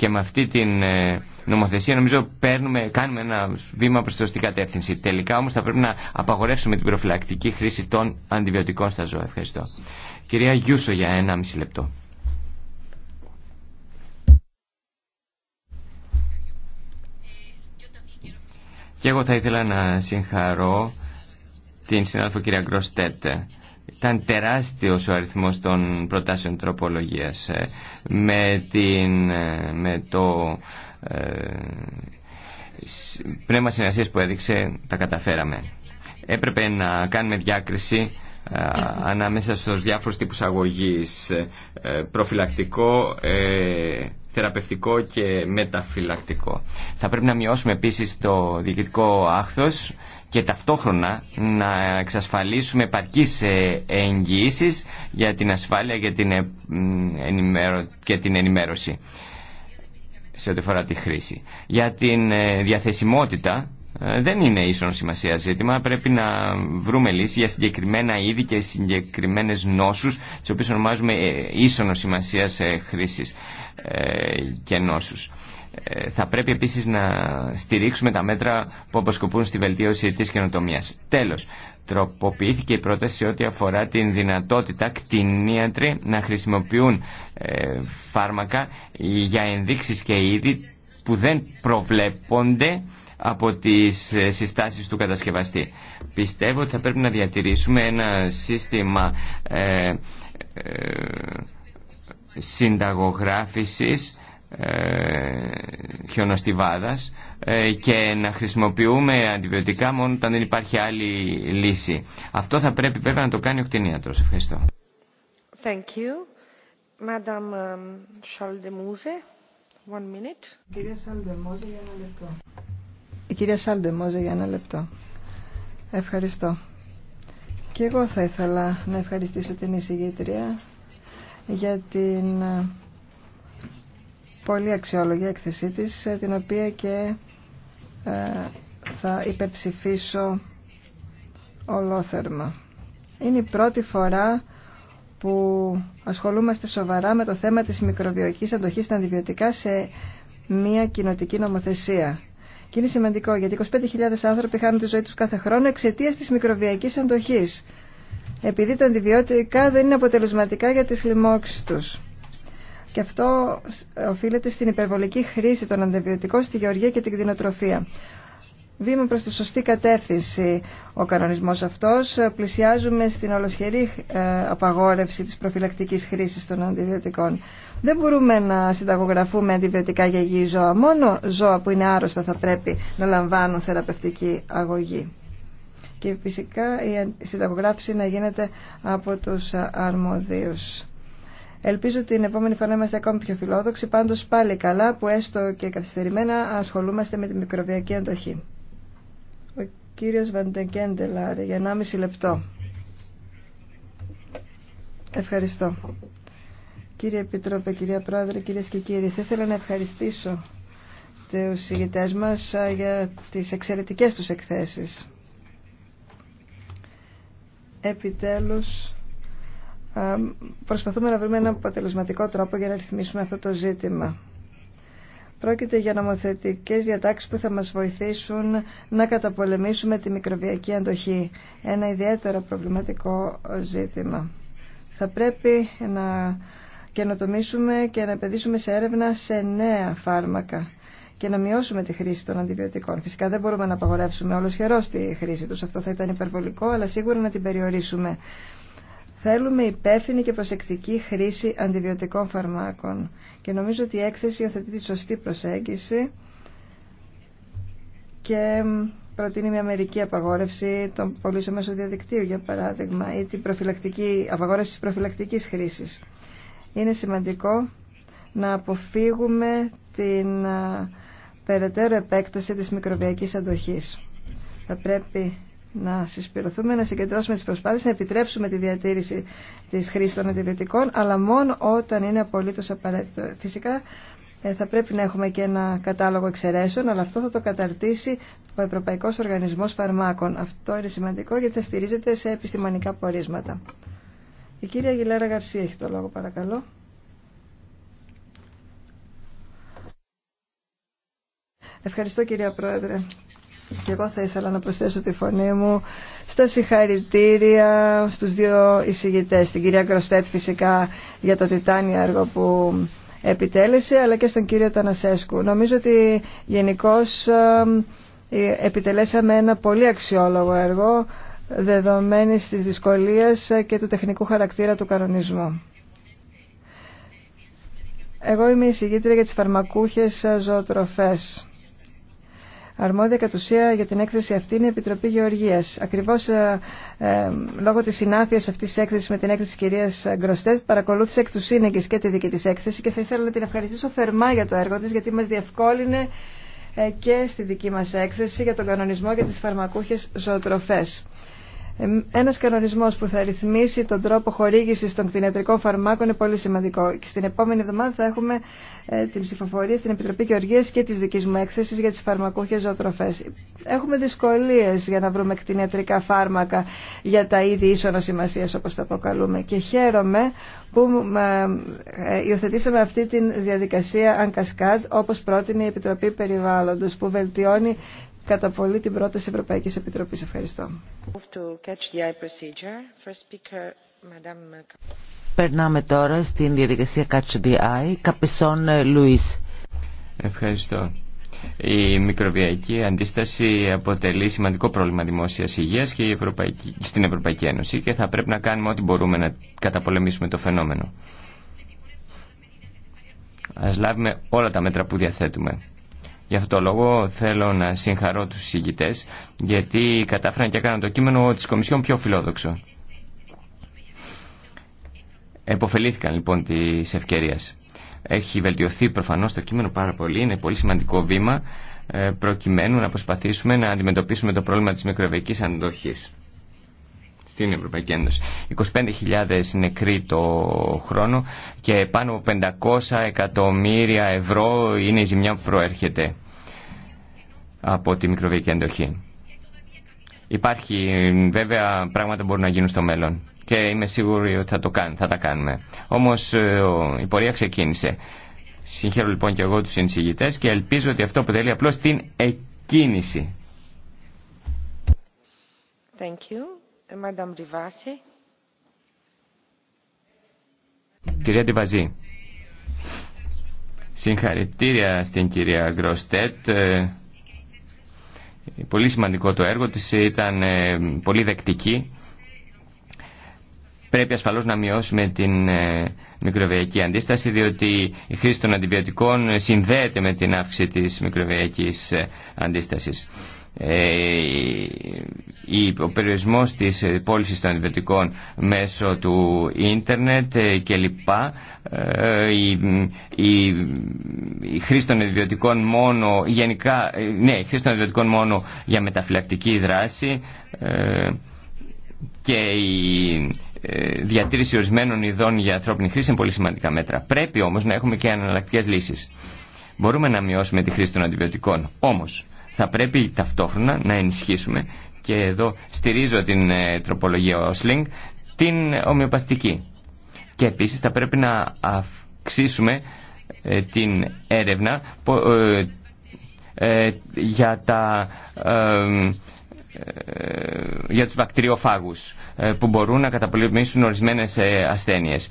Και με αυτή την ε, νομοθεσία νομίζω παίρνουμε, κάνουμε ένα βήμα προς την σωστή κατεύθυνση. Τελικά όμως θα πρέπει να απαγορεύσουμε την προφυλακτική χρήση των αντιβιωτικών στα ζώα. Ευχαριστώ. Κυρία Γιούσο για ένα μισή λεπτό. Και εγώ θα ήθελα να συγχαρώ την συνάδελφο κυρία Γκροστέτ ήταν τεράστιος ο αριθμός των προτάσεων τροπολογίας ε, με, ε, με το ε, πνεύμα συνεργασία που έδειξε τα καταφέραμε. Έπρεπε να κάνουμε διάκριση ε, ανάμεσα στους διάφορους τύπους αγωγής προφυλακτικό, θεραπευτικό και μεταφυλακτικό. Θα πρέπει να μειώσουμε επίσης το διοικητικό άχθος και ταυτόχρονα να εξασφαλίσουμε επαρκείς ε, εγγυήσεις για την ασφάλεια ε, και την, την ενημέρωση σε ό,τι φορά τη χρήση. Για την ε, διαθεσιμότητα δεν είναι ίσον σημασία ζήτημα. Πρέπει να βρούμε λύση για συγκεκριμένα είδη και συγκεκριμένε νόσους τι οποίε ονομάζουμε ίσονο σημασία χρήση και νόσου. Ε, θα πρέπει επίσης να στηρίξουμε τα μέτρα που αποσκοπούν στη βελτίωση της καινοτομίας. Τέλος, τροποποιήθηκε η πρόταση ό,τι αφορά την δυνατότητα κτηνίατροι να χρησιμοποιούν ε, φάρμακα για ενδείξεις και είδη που δεν προβλέπονται από τις ε, συστάσεις του κατασκευαστή. Πιστεύω ότι θα πρέπει να διατηρήσουμε ένα σύστημα συνταγογράφησης ε, χιονοστιβάδας ε, και να χρησιμοποιούμε αντιβιωτικά μόνο όταν δεν υπάρχει άλλη λύση. Αυτό θα πρέπει βέβαια να το κάνει ο κτηνίατρος. Ευχαριστώ. Thank you. Madame um, one minute. Κυρία για ένα λεπτό. κυρία Σαλντεμόζε για ένα λεπτό. Ευχαριστώ. Και εγώ θα ήθελα να ευχαριστήσω την εισηγήτρια για την πολύ αξιόλογη έκθεσή της, ε, την οποία και ε, θα υπερψηφίσω ολόθερμα. Είναι η πρώτη φορά που ασχολούμαστε σοβαρά με το θέμα της μικροβιοικής αντοχής στα αντιβιωτικά σε μια κοινοτική νομοθεσία. Και είναι σημαντικό γιατί 25.000 άνθρωποι χάνουν τη ζωή τους κάθε χρόνο εξαιτίας της μικροβιακής αντοχής. Επειδή τα αντιβιωτικά δεν είναι αποτελεσματικά για τις λοιμώξεις τους. Και αυτό οφείλεται στην υπερβολική χρήση των αντιβιωτικών στη γεωργία και την κτηνοτροφία. Βήμα προς τη σωστή κατεύθυνση ο κανονισμός αυτός. Πλησιάζουμε στην ολοσχερή ε, απαγόρευση της προφυλακτικής χρήσης των αντιβιωτικών. Δεν μπορούμε να συνταγογραφούμε αντιβιωτικά για υγιή ζώα. Μόνο ζώα που είναι άρρωστα θα πρέπει να λαμβάνουν θεραπευτική αγωγή. Και φυσικά η συνταγογράφηση να γίνεται από τους αρμοδίους Ελπίζω την επόμενη φορά είμαστε ακόμη πιο φιλόδοξοι, πάντως πάλι καλά που έστω και καθυστερημένα ασχολούμαστε με τη μικροβιακή αντοχή. Ο κύριος Βαντεγκέντελαρ για 1,5 λεπτό. Ευχαριστώ. Κύριε Επιτρόπε, κυρία Πρόεδρε, κυρίες και κύριοι, θα ήθελα να ευχαριστήσω του ηγητέ μα για τι εξαιρετικέ του εκθέσει. Επιτέλους, ε, προσπαθούμε να βρούμε ένα αποτελεσματικό τρόπο για να ρυθμίσουμε αυτό το ζήτημα. Πρόκειται για νομοθετικές διατάξεις που θα μας βοηθήσουν να καταπολεμήσουμε τη μικροβιακή αντοχή. Ένα ιδιαίτερα προβληματικό ζήτημα. Θα πρέπει να καινοτομήσουμε και να επενδύσουμε σε έρευνα σε νέα φάρμακα και να μειώσουμε τη χρήση των αντιβιωτικών. Φυσικά δεν μπορούμε να απαγορεύσουμε όλο χερό τη χρήση τους. Αυτό θα ήταν υπερβολικό, αλλά σίγουρα να την περιορίσουμε Θέλουμε υπεύθυνη και προσεκτική χρήση αντιβιωτικών φαρμάκων και νομίζω ότι η έκθεση υιοθετεί τη σωστή προσέγγιση και προτείνει μια μερική απαγόρευση των πωλήσεων μέσω διαδικτύου, για παράδειγμα, ή την προφυλακτική, απαγόρευση της προφυλακτικής χρήσης. Είναι σημαντικό να αποφύγουμε την περαιτέρω επέκταση της μικροβιακής αντοχής. Θα πρέπει να συσπηρωθούμε, να συγκεντρώσουμε τις προσπάθειες, να επιτρέψουμε τη διατήρηση της χρήσης των αντιβιωτικών, αλλά μόνο όταν είναι απολύτως απαραίτητο. Φυσικά ε, θα πρέπει να έχουμε και ένα κατάλογο εξαιρέσεων, αλλά αυτό θα το καταρτήσει ο Ευρωπαϊκός Οργανισμός Φαρμάκων. Αυτό είναι σημαντικό γιατί θα στηρίζεται σε επιστημονικά πορίσματα. Η κυρία Γιλέρα Γαρσία έχει το λόγο, παρακαλώ. Ευχαριστώ κυρία Πρόεδρε. Και εγώ θα ήθελα να προσθέσω τη φωνή μου στα συγχαρητήρια στους δύο εισηγητές, την κυρία Γκροστέτ φυσικά για το τιτάνιο έργο που επιτέλεσε, αλλά και στον κύριο Τανασέσκου. Νομίζω ότι γενικώ ε, επιτελέσαμε ένα πολύ αξιόλογο έργο, δεδομένης της δυσκολίας και του τεχνικού χαρακτήρα του κανονισμού. Εγώ είμαι η για τις φαρμακούχες ζωοτροφές αρμόδια κατ' ουσία για την έκθεση αυτή είναι η Επιτροπή Γεωργίας. Ακριβώς ε, ε, λόγω της συνάφειας αυτής της έκθεσης με την έκθεση τη κυρίας Γκροστές παρακολούθησε εκ του σύνεγγες και τη δική της έκθεση και θα ήθελα να την ευχαριστήσω θερμά για το έργο της γιατί μας διευκόλυνε ε, και στη δική μας έκθεση για τον κανονισμό για τις φαρμακούχες ζωοτροφές. Ένας κανονισμός που θα ρυθμίσει τον τρόπο χορήγησης των κτηνιατρικών φαρμάκων είναι πολύ σημαντικό. Και στην επόμενη εβδομάδα θα έχουμε ε, την ψηφοφορία στην Επιτροπή Γεωργίας και της δικής μου έκθεσης για τις φαρμακούχες ζωοτροφές. Έχουμε δυσκολίες για να βρούμε κτηνιατρικά φάρμακα για τα είδη ίσονα σημασία όπως τα προκαλούμε Και χαίρομαι που ε, υιοθετήσαμε αυτή τη διαδικασία αν κασκάτ όπως πρότεινε η Επιτροπή Περιβάλλοντος που βελτιώνει κατά πολύ την πρόταση Ευρωπαϊκής Επιτροπής. Ευχαριστώ. Περνάμε τώρα στην διαδικασία Catch the Eye. Καπισόν ε, Λουίς. Ευχαριστώ. Η μικροβιακή αντίσταση αποτελεί σημαντικό πρόβλημα δημόσια υγεία και στην Ευρωπαϊκή Ένωση και θα πρέπει να κάνουμε ό,τι μπορούμε να καταπολεμήσουμε το φαινόμενο. Ας λάβουμε όλα τα μέτρα που διαθέτουμε. Γι' αυτό το λόγο θέλω να συγχαρώ τους συγγητές γιατί κατάφεραν και έκαναν το κείμενο της Κομισιόν πιο φιλόδοξο. Εποφελήθηκαν λοιπόν της ευκαιρίας. Έχει βελτιωθεί προφανώς το κείμενο πάρα πολύ, είναι πολύ σημαντικό βήμα ε, προκειμένου να προσπαθήσουμε να αντιμετωπίσουμε το πρόβλημα της μικροευαϊκής αντοχής στην Ευρωπαϊκή Ένωση. 25.000 νεκροί το χρόνο και πάνω από 500 εκατομμύρια ευρώ είναι η ζημιά που προέρχεται από τη μικροβιακή αντοχή. Υπάρχει βέβαια πράγματα που μπορούν να γίνουν στο μέλλον και είμαι σίγουρη ότι θα, το θα τα κάνουμε. Όμως ε, η πορεία ξεκίνησε. Συγχαίρω λοιπόν και εγώ τους συνεισηγητές και ελπίζω ότι αυτό αποτελεί απλώς την εκκίνηση. Ε, κυρία Τιβαζή, συγχαρητήρια στην κυρία Γκροστέτ ε, Πολύ σημαντικό το έργο της, ήταν ε, πολύ δεκτική. Πρέπει ασφαλώς να μειώσουμε την ε, μικροβιακή αντίσταση, διότι η χρήση των αντιβιωτικών συνδέεται με την αύξηση της μικροβιακής ε, αντίστασης. Ε, ο περιορισμός της ε, πώληση των αντιβιωτικών μέσω του ίντερνετ ε, κλπ. Η, η, η, χρήση των αντιβιωτικών μόνο γενικά, ναι, η χρήση των αντιβιωτικών μόνο για μεταφυλακτική δράση και η διατήρηση ορισμένων ειδών για ανθρώπινη χρήση είναι πολύ σημαντικά μέτρα. Πρέπει όμως να έχουμε και αναλλακτικές λύσεις. Μπορούμε να μειώσουμε τη χρήση των αντιβιωτικών. Όμως, θα πρέπει ταυτόχρονα να ενισχύσουμε και εδώ στηρίζω την ε, τροπολογία Όσλινγκ την ομοιοπαθητική. Και επίσης θα πρέπει να αυξήσουμε ε, την έρευνα ε, για τα για τους βακτηριοφάγους που μπορούν να καταπολεμήσουν ορισμένες ασθένειες.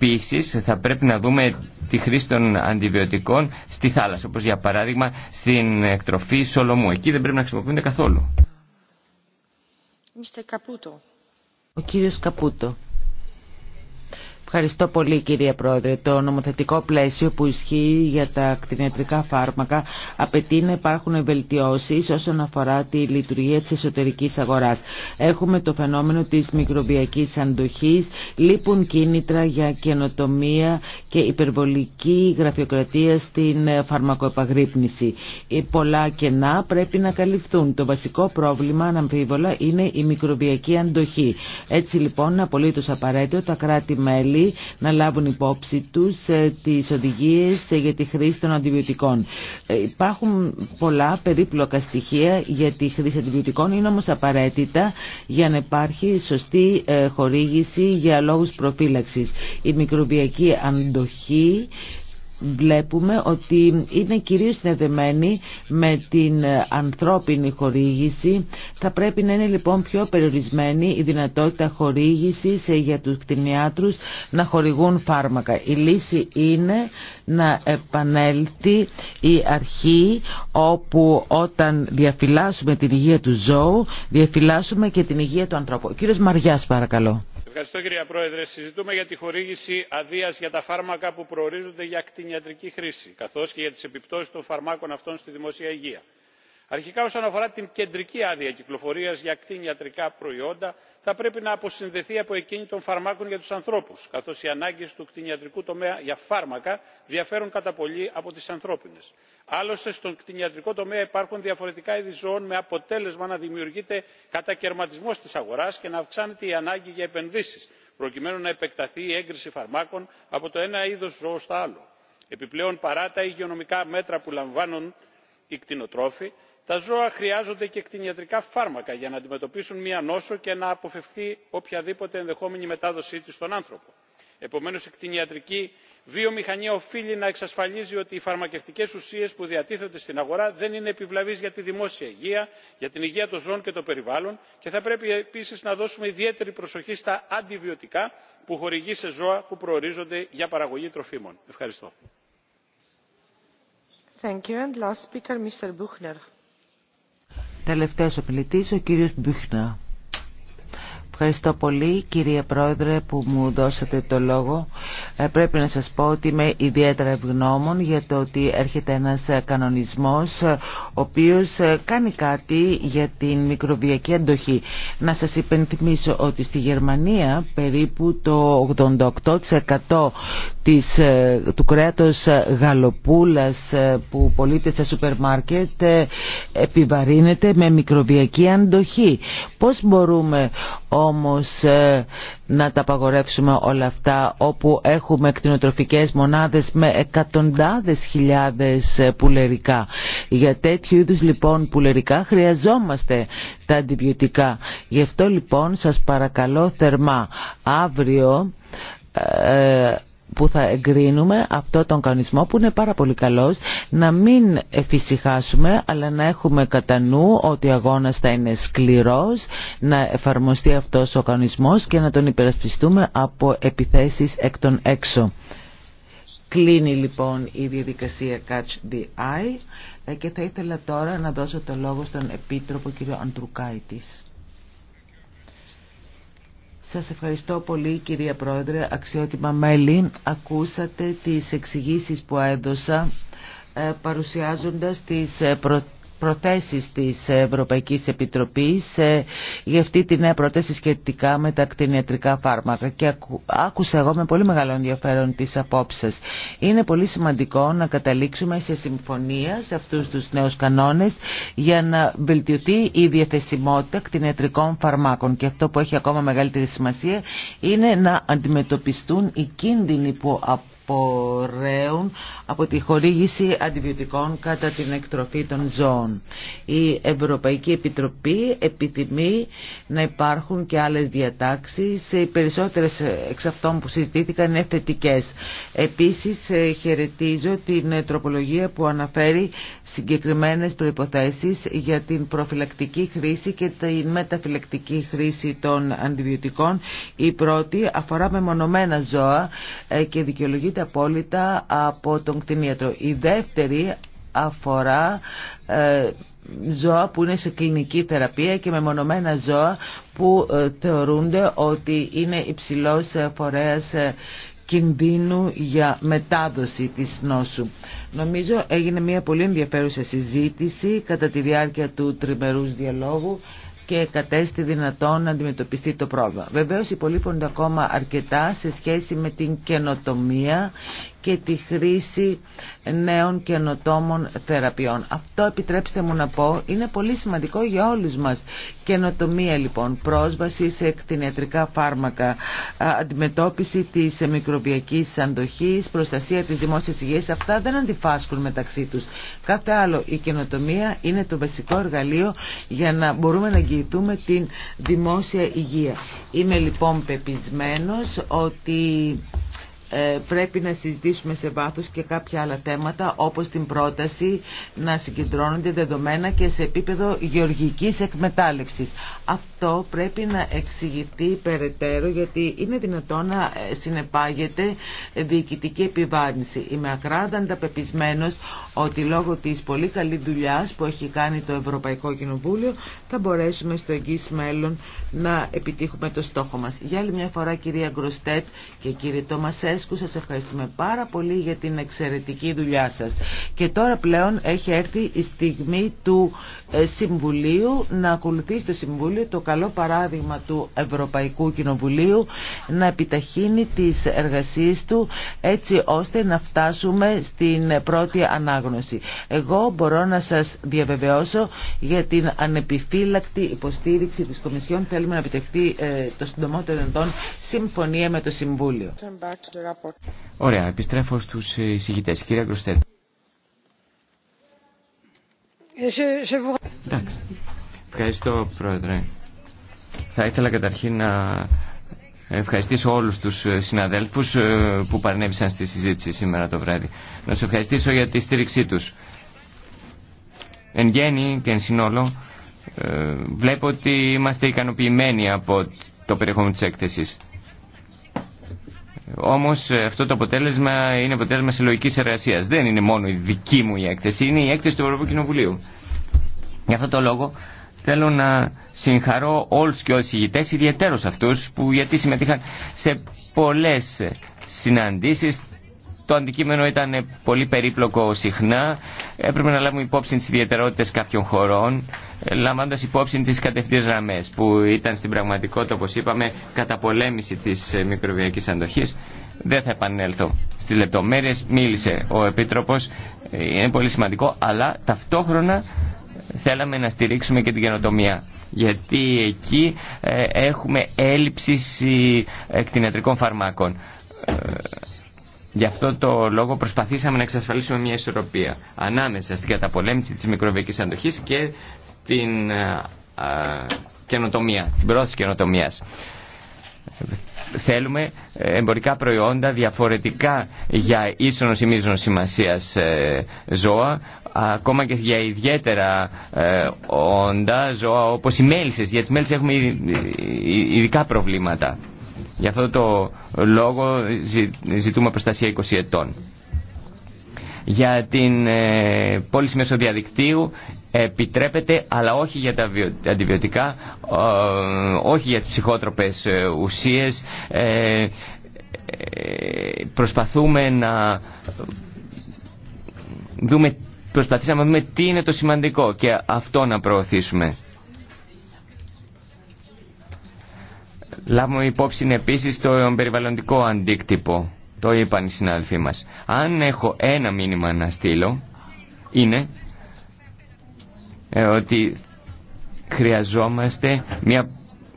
Επίσης θα πρέπει να δούμε τη χρήση των αντιβιωτικών στη θάλασσα, όπως για παράδειγμα στην εκτροφή Σολομού. Εκεί δεν πρέπει να χρησιμοποιούνται καθόλου. Ο κύριος Καπούτο. Ευχαριστώ πολύ κύριε Πρόεδρε. Το νομοθετικό πλαίσιο που ισχύει για τα κτηνιατρικά φάρμακα απαιτεί να υπάρχουν βελτιώσει όσον αφορά τη λειτουργία της εσωτερικής αγοράς. Έχουμε το φαινόμενο της μικροβιακής αντοχής, λείπουν κίνητρα για καινοτομία και υπερβολική γραφειοκρατία στην φαρμακοεπαγρύπνηση. Ε, πολλά κενά πρέπει να καλυφθούν. Το βασικό πρόβλημα αναμφίβολα είναι η μικροβιακή αντοχή. Έτσι λοιπόν απολύτως απαραίτητο τα κράτη-μέλη να λάβουν υπόψη τους ε, τις οδηγίες ε, για τη χρήση των αντιβιωτικών. Ε, υπάρχουν πολλά περίπλοκα στοιχεία για τη χρήση αντιβιωτικών, είναι όμως απαραίτητα για να υπάρχει σωστή χορήγηση για λόγους προφύλαξης. Η μικροβιακή αντοχή βλέπουμε ότι είναι κυρίως συνδεδεμένη με την ανθρώπινη χορήγηση. Θα πρέπει να είναι λοιπόν πιο περιορισμένη η δυνατότητα χορήγησης ε, για τους κτηνιάτρους να χορηγούν φάρμακα. Η λύση είναι να επανέλθει η αρχή όπου όταν διαφυλάσσουμε την υγεία του ζώου διαφυλάσσουμε και την υγεία του ανθρώπου. κύριος Μαριάς παρακαλώ πρόεδρε συζητούμε για τη χορήγηση αδείας για τα φάρμακα που προορίζονται για κτηνιατρική χρήση καθώς και για τις επιπτώσεις των φαρμάκων αυτών στη δημόσια υγεία. αρχικά όσον αφορά την κεντρική άδεια κυκλοφορία για κτηνιατρικά προϊόντα θα πρέπει να αποσυνδεθεί από εκείνη των φαρμάκων για τους ανθρώπους καθώς οι ανάγκες του κτηνιατρικού τομέα για φάρμακα διαφέρουν κατά πολύ από τις ανθρώπινες. άλλωστε στον κτηνιατρικό τομέα υπάρχουν διαφορετικά είδη ζώων με αποτέλεσμα να δημιουργείται κατακαιρματισμός της αγοράς και να αυξάνεται η ανάγκη για επενδύσεις προκειμένου να επεκταθεί η έγκριση φαρμάκων από το ένα είδος ζώο στο άλλο. επιπλέον παρά τα υγειονομικά μέτρα που λαμβάνουν οι κτηνοτρόφοι τα ζώα χρειάζονται και κτηνιατρικά φάρμακα για να αντιμετωπίσουν μια νόσο και να αποφευχθεί οποιαδήποτε ενδεχόμενη μετάδοσή της στον άνθρωπο. επομένως η κτηνιατρική βιομηχανία οφείλει να εξασφαλίζει ότι οι φαρμακευτικές ουσίες που διατίθενται στην αγορά δεν είναι επιβλαβείς για τη δημόσια υγεία για την υγεία των ζώων και των περιβάλλων και θα πρέπει επίσης να δώσουμε ιδιαίτερη προσοχή στα αντιβιωτικά που χορηγεί σε ζώα που προορίζονται για παραγωγή τροφίμων. ευχαριστώ. Τελευταίος ομιλητής ο κύριος Μπούχνα. Ευχαριστώ πολύ κύριε Πρόεδρε που μου δώσατε το λόγο. Ε, πρέπει να σας πω ότι είμαι ιδιαίτερα ευγνώμων για το ότι έρχεται ένας ε, κανονισμός ε, ο οποίος κάνει κάτι για την μικροβιακή αντοχή. Να σας υπενθυμίσω ότι στη Γερμανία περίπου το 88% της, του κρέατος γαλοπούλας που πωλείται στα σούπερ μάρκετ επιβαρύνεται με μικροβιακή αντοχή. Πώς μπορούμε όμως ε, να τα απαγορεύσουμε όλα αυτά όπου έχουμε κτηνοτροφικές μονάδες με εκατοντάδες χιλιάδες ε, πουλερικά. Για τέτοιου είδους λοιπόν πουλερικά χρειαζόμαστε τα αντιβιωτικά. Γι' αυτό λοιπόν σας παρακαλώ θερμά αύριο ε, που θα εγκρίνουμε αυτό τον κανονισμό που είναι πάρα πολύ καλός να μην εφησυχάσουμε αλλά να έχουμε κατά νου ότι ο αγώνας θα είναι σκληρός να εφαρμοστεί αυτός ο κανονισμός και να τον υπερασπιστούμε από επιθέσεις εκ των έξω. Κλείνει λοιπόν η διαδικασία Catch the Eye ε, και θα ήθελα τώρα να δώσω το λόγο στον Επίτροπο κ. Αντρουκάητης. Σας ευχαριστώ πολύ κυρία Πρόεδρε, αξιότιμα μέλη. Ακούσατε τις εξηγήσεις που έδωσα ε, παρουσιάζοντας τις ε, προτάσεις προθέσεις της Ευρωπαϊκής Επιτροπής ε, για αυτή τη νέα πρόταση σχετικά με τα κτηνιατρικά φάρμακα και άκουσα εγώ με πολύ μεγάλο ενδιαφέρον τις απόψεις σας. Είναι πολύ σημαντικό να καταλήξουμε σε συμφωνία σε αυτούς τους νέους κανόνες για να βελτιωθεί η διαθεσιμότητα κτηνιατρικών φαρμάκων και αυτό που έχει ακόμα μεγαλύτερη σημασία είναι να αντιμετωπιστούν οι κίνδυνοι που από τη χορήγηση αντιβιωτικών κατά την εκτροφή των ζώων. Η Ευρωπαϊκή Επιτροπή επιθυμεί να υπάρχουν και άλλες διατάξεις. Οι περισσότερες εξ αυτών που συζητήθηκαν είναι θετικές. Επίσης ε, χαιρετίζω την τροπολογία που αναφέρει συγκεκριμένες προϋποθέσεις για την προφυλακτική χρήση και την μεταφυλακτική χρήση των αντιβιωτικών. Η πρώτη αφορά μεμονωμένα ζώα ε, και δικαιολογεί απόλυτα από τον κτηνίατρο. Η δεύτερη αφορά ε, ζώα που είναι σε κλινική θεραπεία και μεμονωμένα ζώα που ε, θεωρούνται ότι είναι υψηλός φορέας ε, κινδύνου για μετάδοση της νόσου. Νομίζω έγινε μια πολύ ενδιαφέρουσα συζήτηση κατά τη διάρκεια του τριμερούς διαλόγου και κατέστη δυνατόν να αντιμετωπιστεί το πρόβλημα. Βεβαίως υπολείπονται ακόμα αρκετά σε σχέση με την καινοτομία και τη χρήση νέων καινοτόμων θεραπείων. Αυτό επιτρέψτε μου να πω είναι πολύ σημαντικό για όλους μας. Καινοτομία λοιπόν, πρόσβαση σε εκτινιατρικά φάρμακα, αντιμετώπιση της μικροβιακής αντοχής, προστασία της δημόσιας υγείας, αυτά δεν αντιφάσκουν μεταξύ τους. Κάθε άλλο η καινοτομία είναι το βασικό εργαλείο για να μπορούμε να εγγυητούμε την δημόσια υγεία. Είμαι λοιπόν πεπισμένος ότι ε, πρέπει να συζητήσουμε σε βάθος και κάποια άλλα θέματα όπως την πρόταση να συγκεντρώνονται δεδομένα και σε επίπεδο γεωργικής εκμετάλλευσης. Αυτό πρέπει να εξηγηθεί περαιτέρω γιατί είναι δυνατόν να ε, συνεπάγεται διοικητική επιβάρυνση. Είμαι ακράδαντα πεπισμένος ότι λόγω της πολύ καλή δουλειά που έχει κάνει το Ευρωπαϊκό Κοινοβούλιο θα μπορέσουμε στο εγγύς μέλλον να επιτύχουμε το στόχο μας. Για άλλη μια φορά κυρία Γκροστέτ και κύριε Τόμασέ Λουτσέσκου Σας ευχαριστούμε πάρα πολύ για την εξαιρετική δουλειά σας. Και τώρα πλέον έχει έρθει η στιγμή του ε, Συμβουλίου να ακολουθεί το Συμβούλιο το καλό παράδειγμα του Ευρωπαϊκού Κοινοβουλίου να επιταχύνει τις εργασίες του έτσι ώστε να φτάσουμε στην πρώτη ανάγνωση. Εγώ μπορώ να σας διαβεβαιώσω για την ανεπιφύλακτη υποστήριξη της Κομισιόν θέλουμε να επιτευχθεί ε, το συντομότερο συμφωνία με το Συμβούλιο. Ωραία, επιστρέφω στους εισηγητέ. Κύριε Γκροστέτ. Ευχαριστώ, Πρόεδρε. Θα ήθελα καταρχήν να ευχαριστήσω όλους τους συναδέλφους ε, που παρνέβησαν στη συζήτηση σήμερα το βράδυ. Να του ευχαριστήσω για τη στήριξή τους. Εν γέννη και εν συνόλο ε, βλέπω ότι είμαστε ικανοποιημένοι από το περιεχόμενο της έκθεσης. Όμω, αυτό το αποτέλεσμα είναι αποτέλεσμα συλλογική εργασία. Δεν είναι μόνο η δική μου η έκθεση, είναι η έκθεση του Ευρωπαϊκού Κοινοβουλίου. Γι' αυτό το λόγο θέλω να συγχαρώ όλου και όλου οι ηγητέ, ιδιαίτερω αυτούς που γιατί συμμετείχαν σε πολλές συναντήσει το αντικείμενο ήταν πολύ περίπλοκο συχνά. Έπρεπε να λάβουμε υπόψη τι ιδιαιτερότητε κάποιων χωρών, λαμβάνοντα υπόψη τι κατευθείαν γραμμέ που ήταν στην πραγματικότητα, όπω είπαμε, καταπολέμηση τη μικροβιακή αντοχής. Δεν θα επανέλθω στι λεπτομέρειε. μίλησε ο επίτροπο, είναι πολύ σημαντικό, αλλά ταυτόχρονα θέλαμε να στηρίξουμε και την καινοτομία. Γιατί εκεί ε, έχουμε έλλειψη εκτινετρικών φαρμάκων ε, Γι' αυτό το λόγο προσπαθήσαμε να εξασφαλίσουμε μια ισορροπία ανάμεσα στην καταπολέμηση της μικροβιακής αντοχής και την ε, καινοτομία, την πρόθεση καινοτομίας. Θέλουμε ε, εμπορικά προϊόντα διαφορετικά για ίσονος ή μίζωνος σημασίας ε, ζώα, ακόμα και για ιδιαίτερα όντα ζώα όπως οι μέλισσες. Για τις μέλισσες έχουμε ειδικά προβλήματα. Για αυτό το λόγο ζητούμε προστασία 20 ετών. Για την ε, πώληση μέσω διαδικτύου επιτρέπεται, αλλά όχι για τα αντιβιωτικά, όχι για τις ψυχότροπες ε, ουσίες. Ε, προσπαθούμε να δούμε, προσπαθήσαμε να δούμε τι είναι το σημαντικό και αυτό να προωθήσουμε. λάβουμε υπόψη επίσης το περιβαλλοντικό αντίκτυπο. Το είπαν οι συνάδελφοί μας. Αν έχω ένα μήνυμα να στείλω, είναι ε, ότι χρειαζόμαστε μια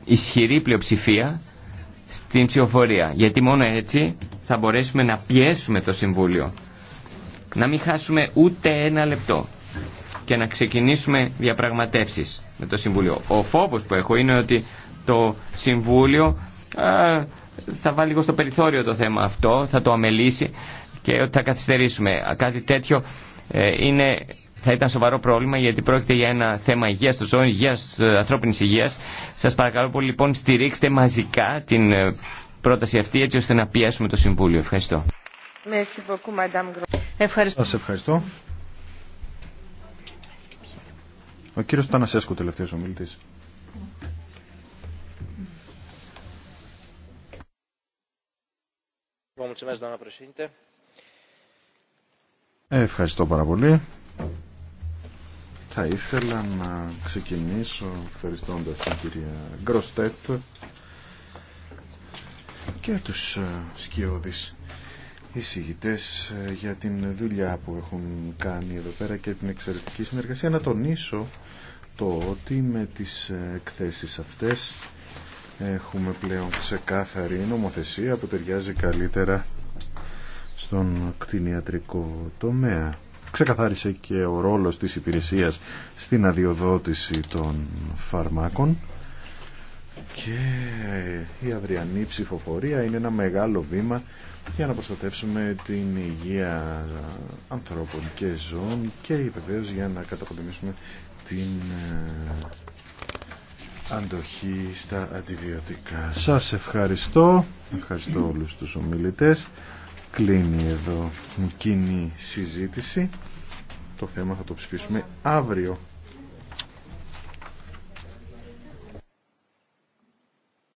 ισχυρή πλειοψηφία στην ψηφοφορία. Γιατί μόνο έτσι θα μπορέσουμε να πιέσουμε το Συμβούλιο. Να μην χάσουμε ούτε ένα λεπτό και να ξεκινήσουμε διαπραγματεύσεις με το Συμβούλιο. Ο φόβος που έχω είναι ότι το Συμβούλιο ε, θα βάλει λίγο στο περιθώριο το θέμα αυτό, θα το αμελήσει και ότι θα καθυστερήσουμε. Κάτι τέτοιο ε, είναι, θα ήταν σοβαρό πρόβλημα γιατί πρόκειται για ένα θέμα υγείας των ζώων, υγείας, ε, ανθρώπινης υγείας. Σας παρακαλώ πολύ λοιπόν στηρίξτε μαζικά την πρόταση αυτή έτσι ώστε να πιέσουμε το Συμβούλιο. Ευχαριστώ. Ευχαριστώ. Σας ευχαριστώ. Ο κύριος Τανασέσκου, τελευταίος ομιλητής. Ευχαριστώ πάρα πολύ. Θα ήθελα να ξεκινήσω ευχαριστώντα την κυρία Γκροστέτ και τους ε, σκιώδεις εισηγητές ε, για την δουλειά που έχουν κάνει εδώ πέρα και την εξαιρετική συνεργασία. Να τονίσω το ότι με τις ε, εκθέσεις αυτές έχουμε πλέον ξεκάθαρη νομοθεσία που ταιριάζει καλύτερα στον κτηνιατρικό τομέα. Ξεκαθάρισε και ο ρόλος της υπηρεσίας στην αδειοδότηση των φαρμάκων και η αυριανή ψηφοφορία είναι ένα μεγάλο βήμα για να προστατεύσουμε την υγεία ανθρώπων και ζώων και βεβαίω για να καταποντιμήσουμε την ε, αντοχή στα αντιβιωτικά. Σας ευχαριστώ. Ευχαριστώ όλους τους ομιλητές. Κλείνει εδώ η κοινή συζήτηση. Το θέμα θα το ψηφίσουμε αύριο.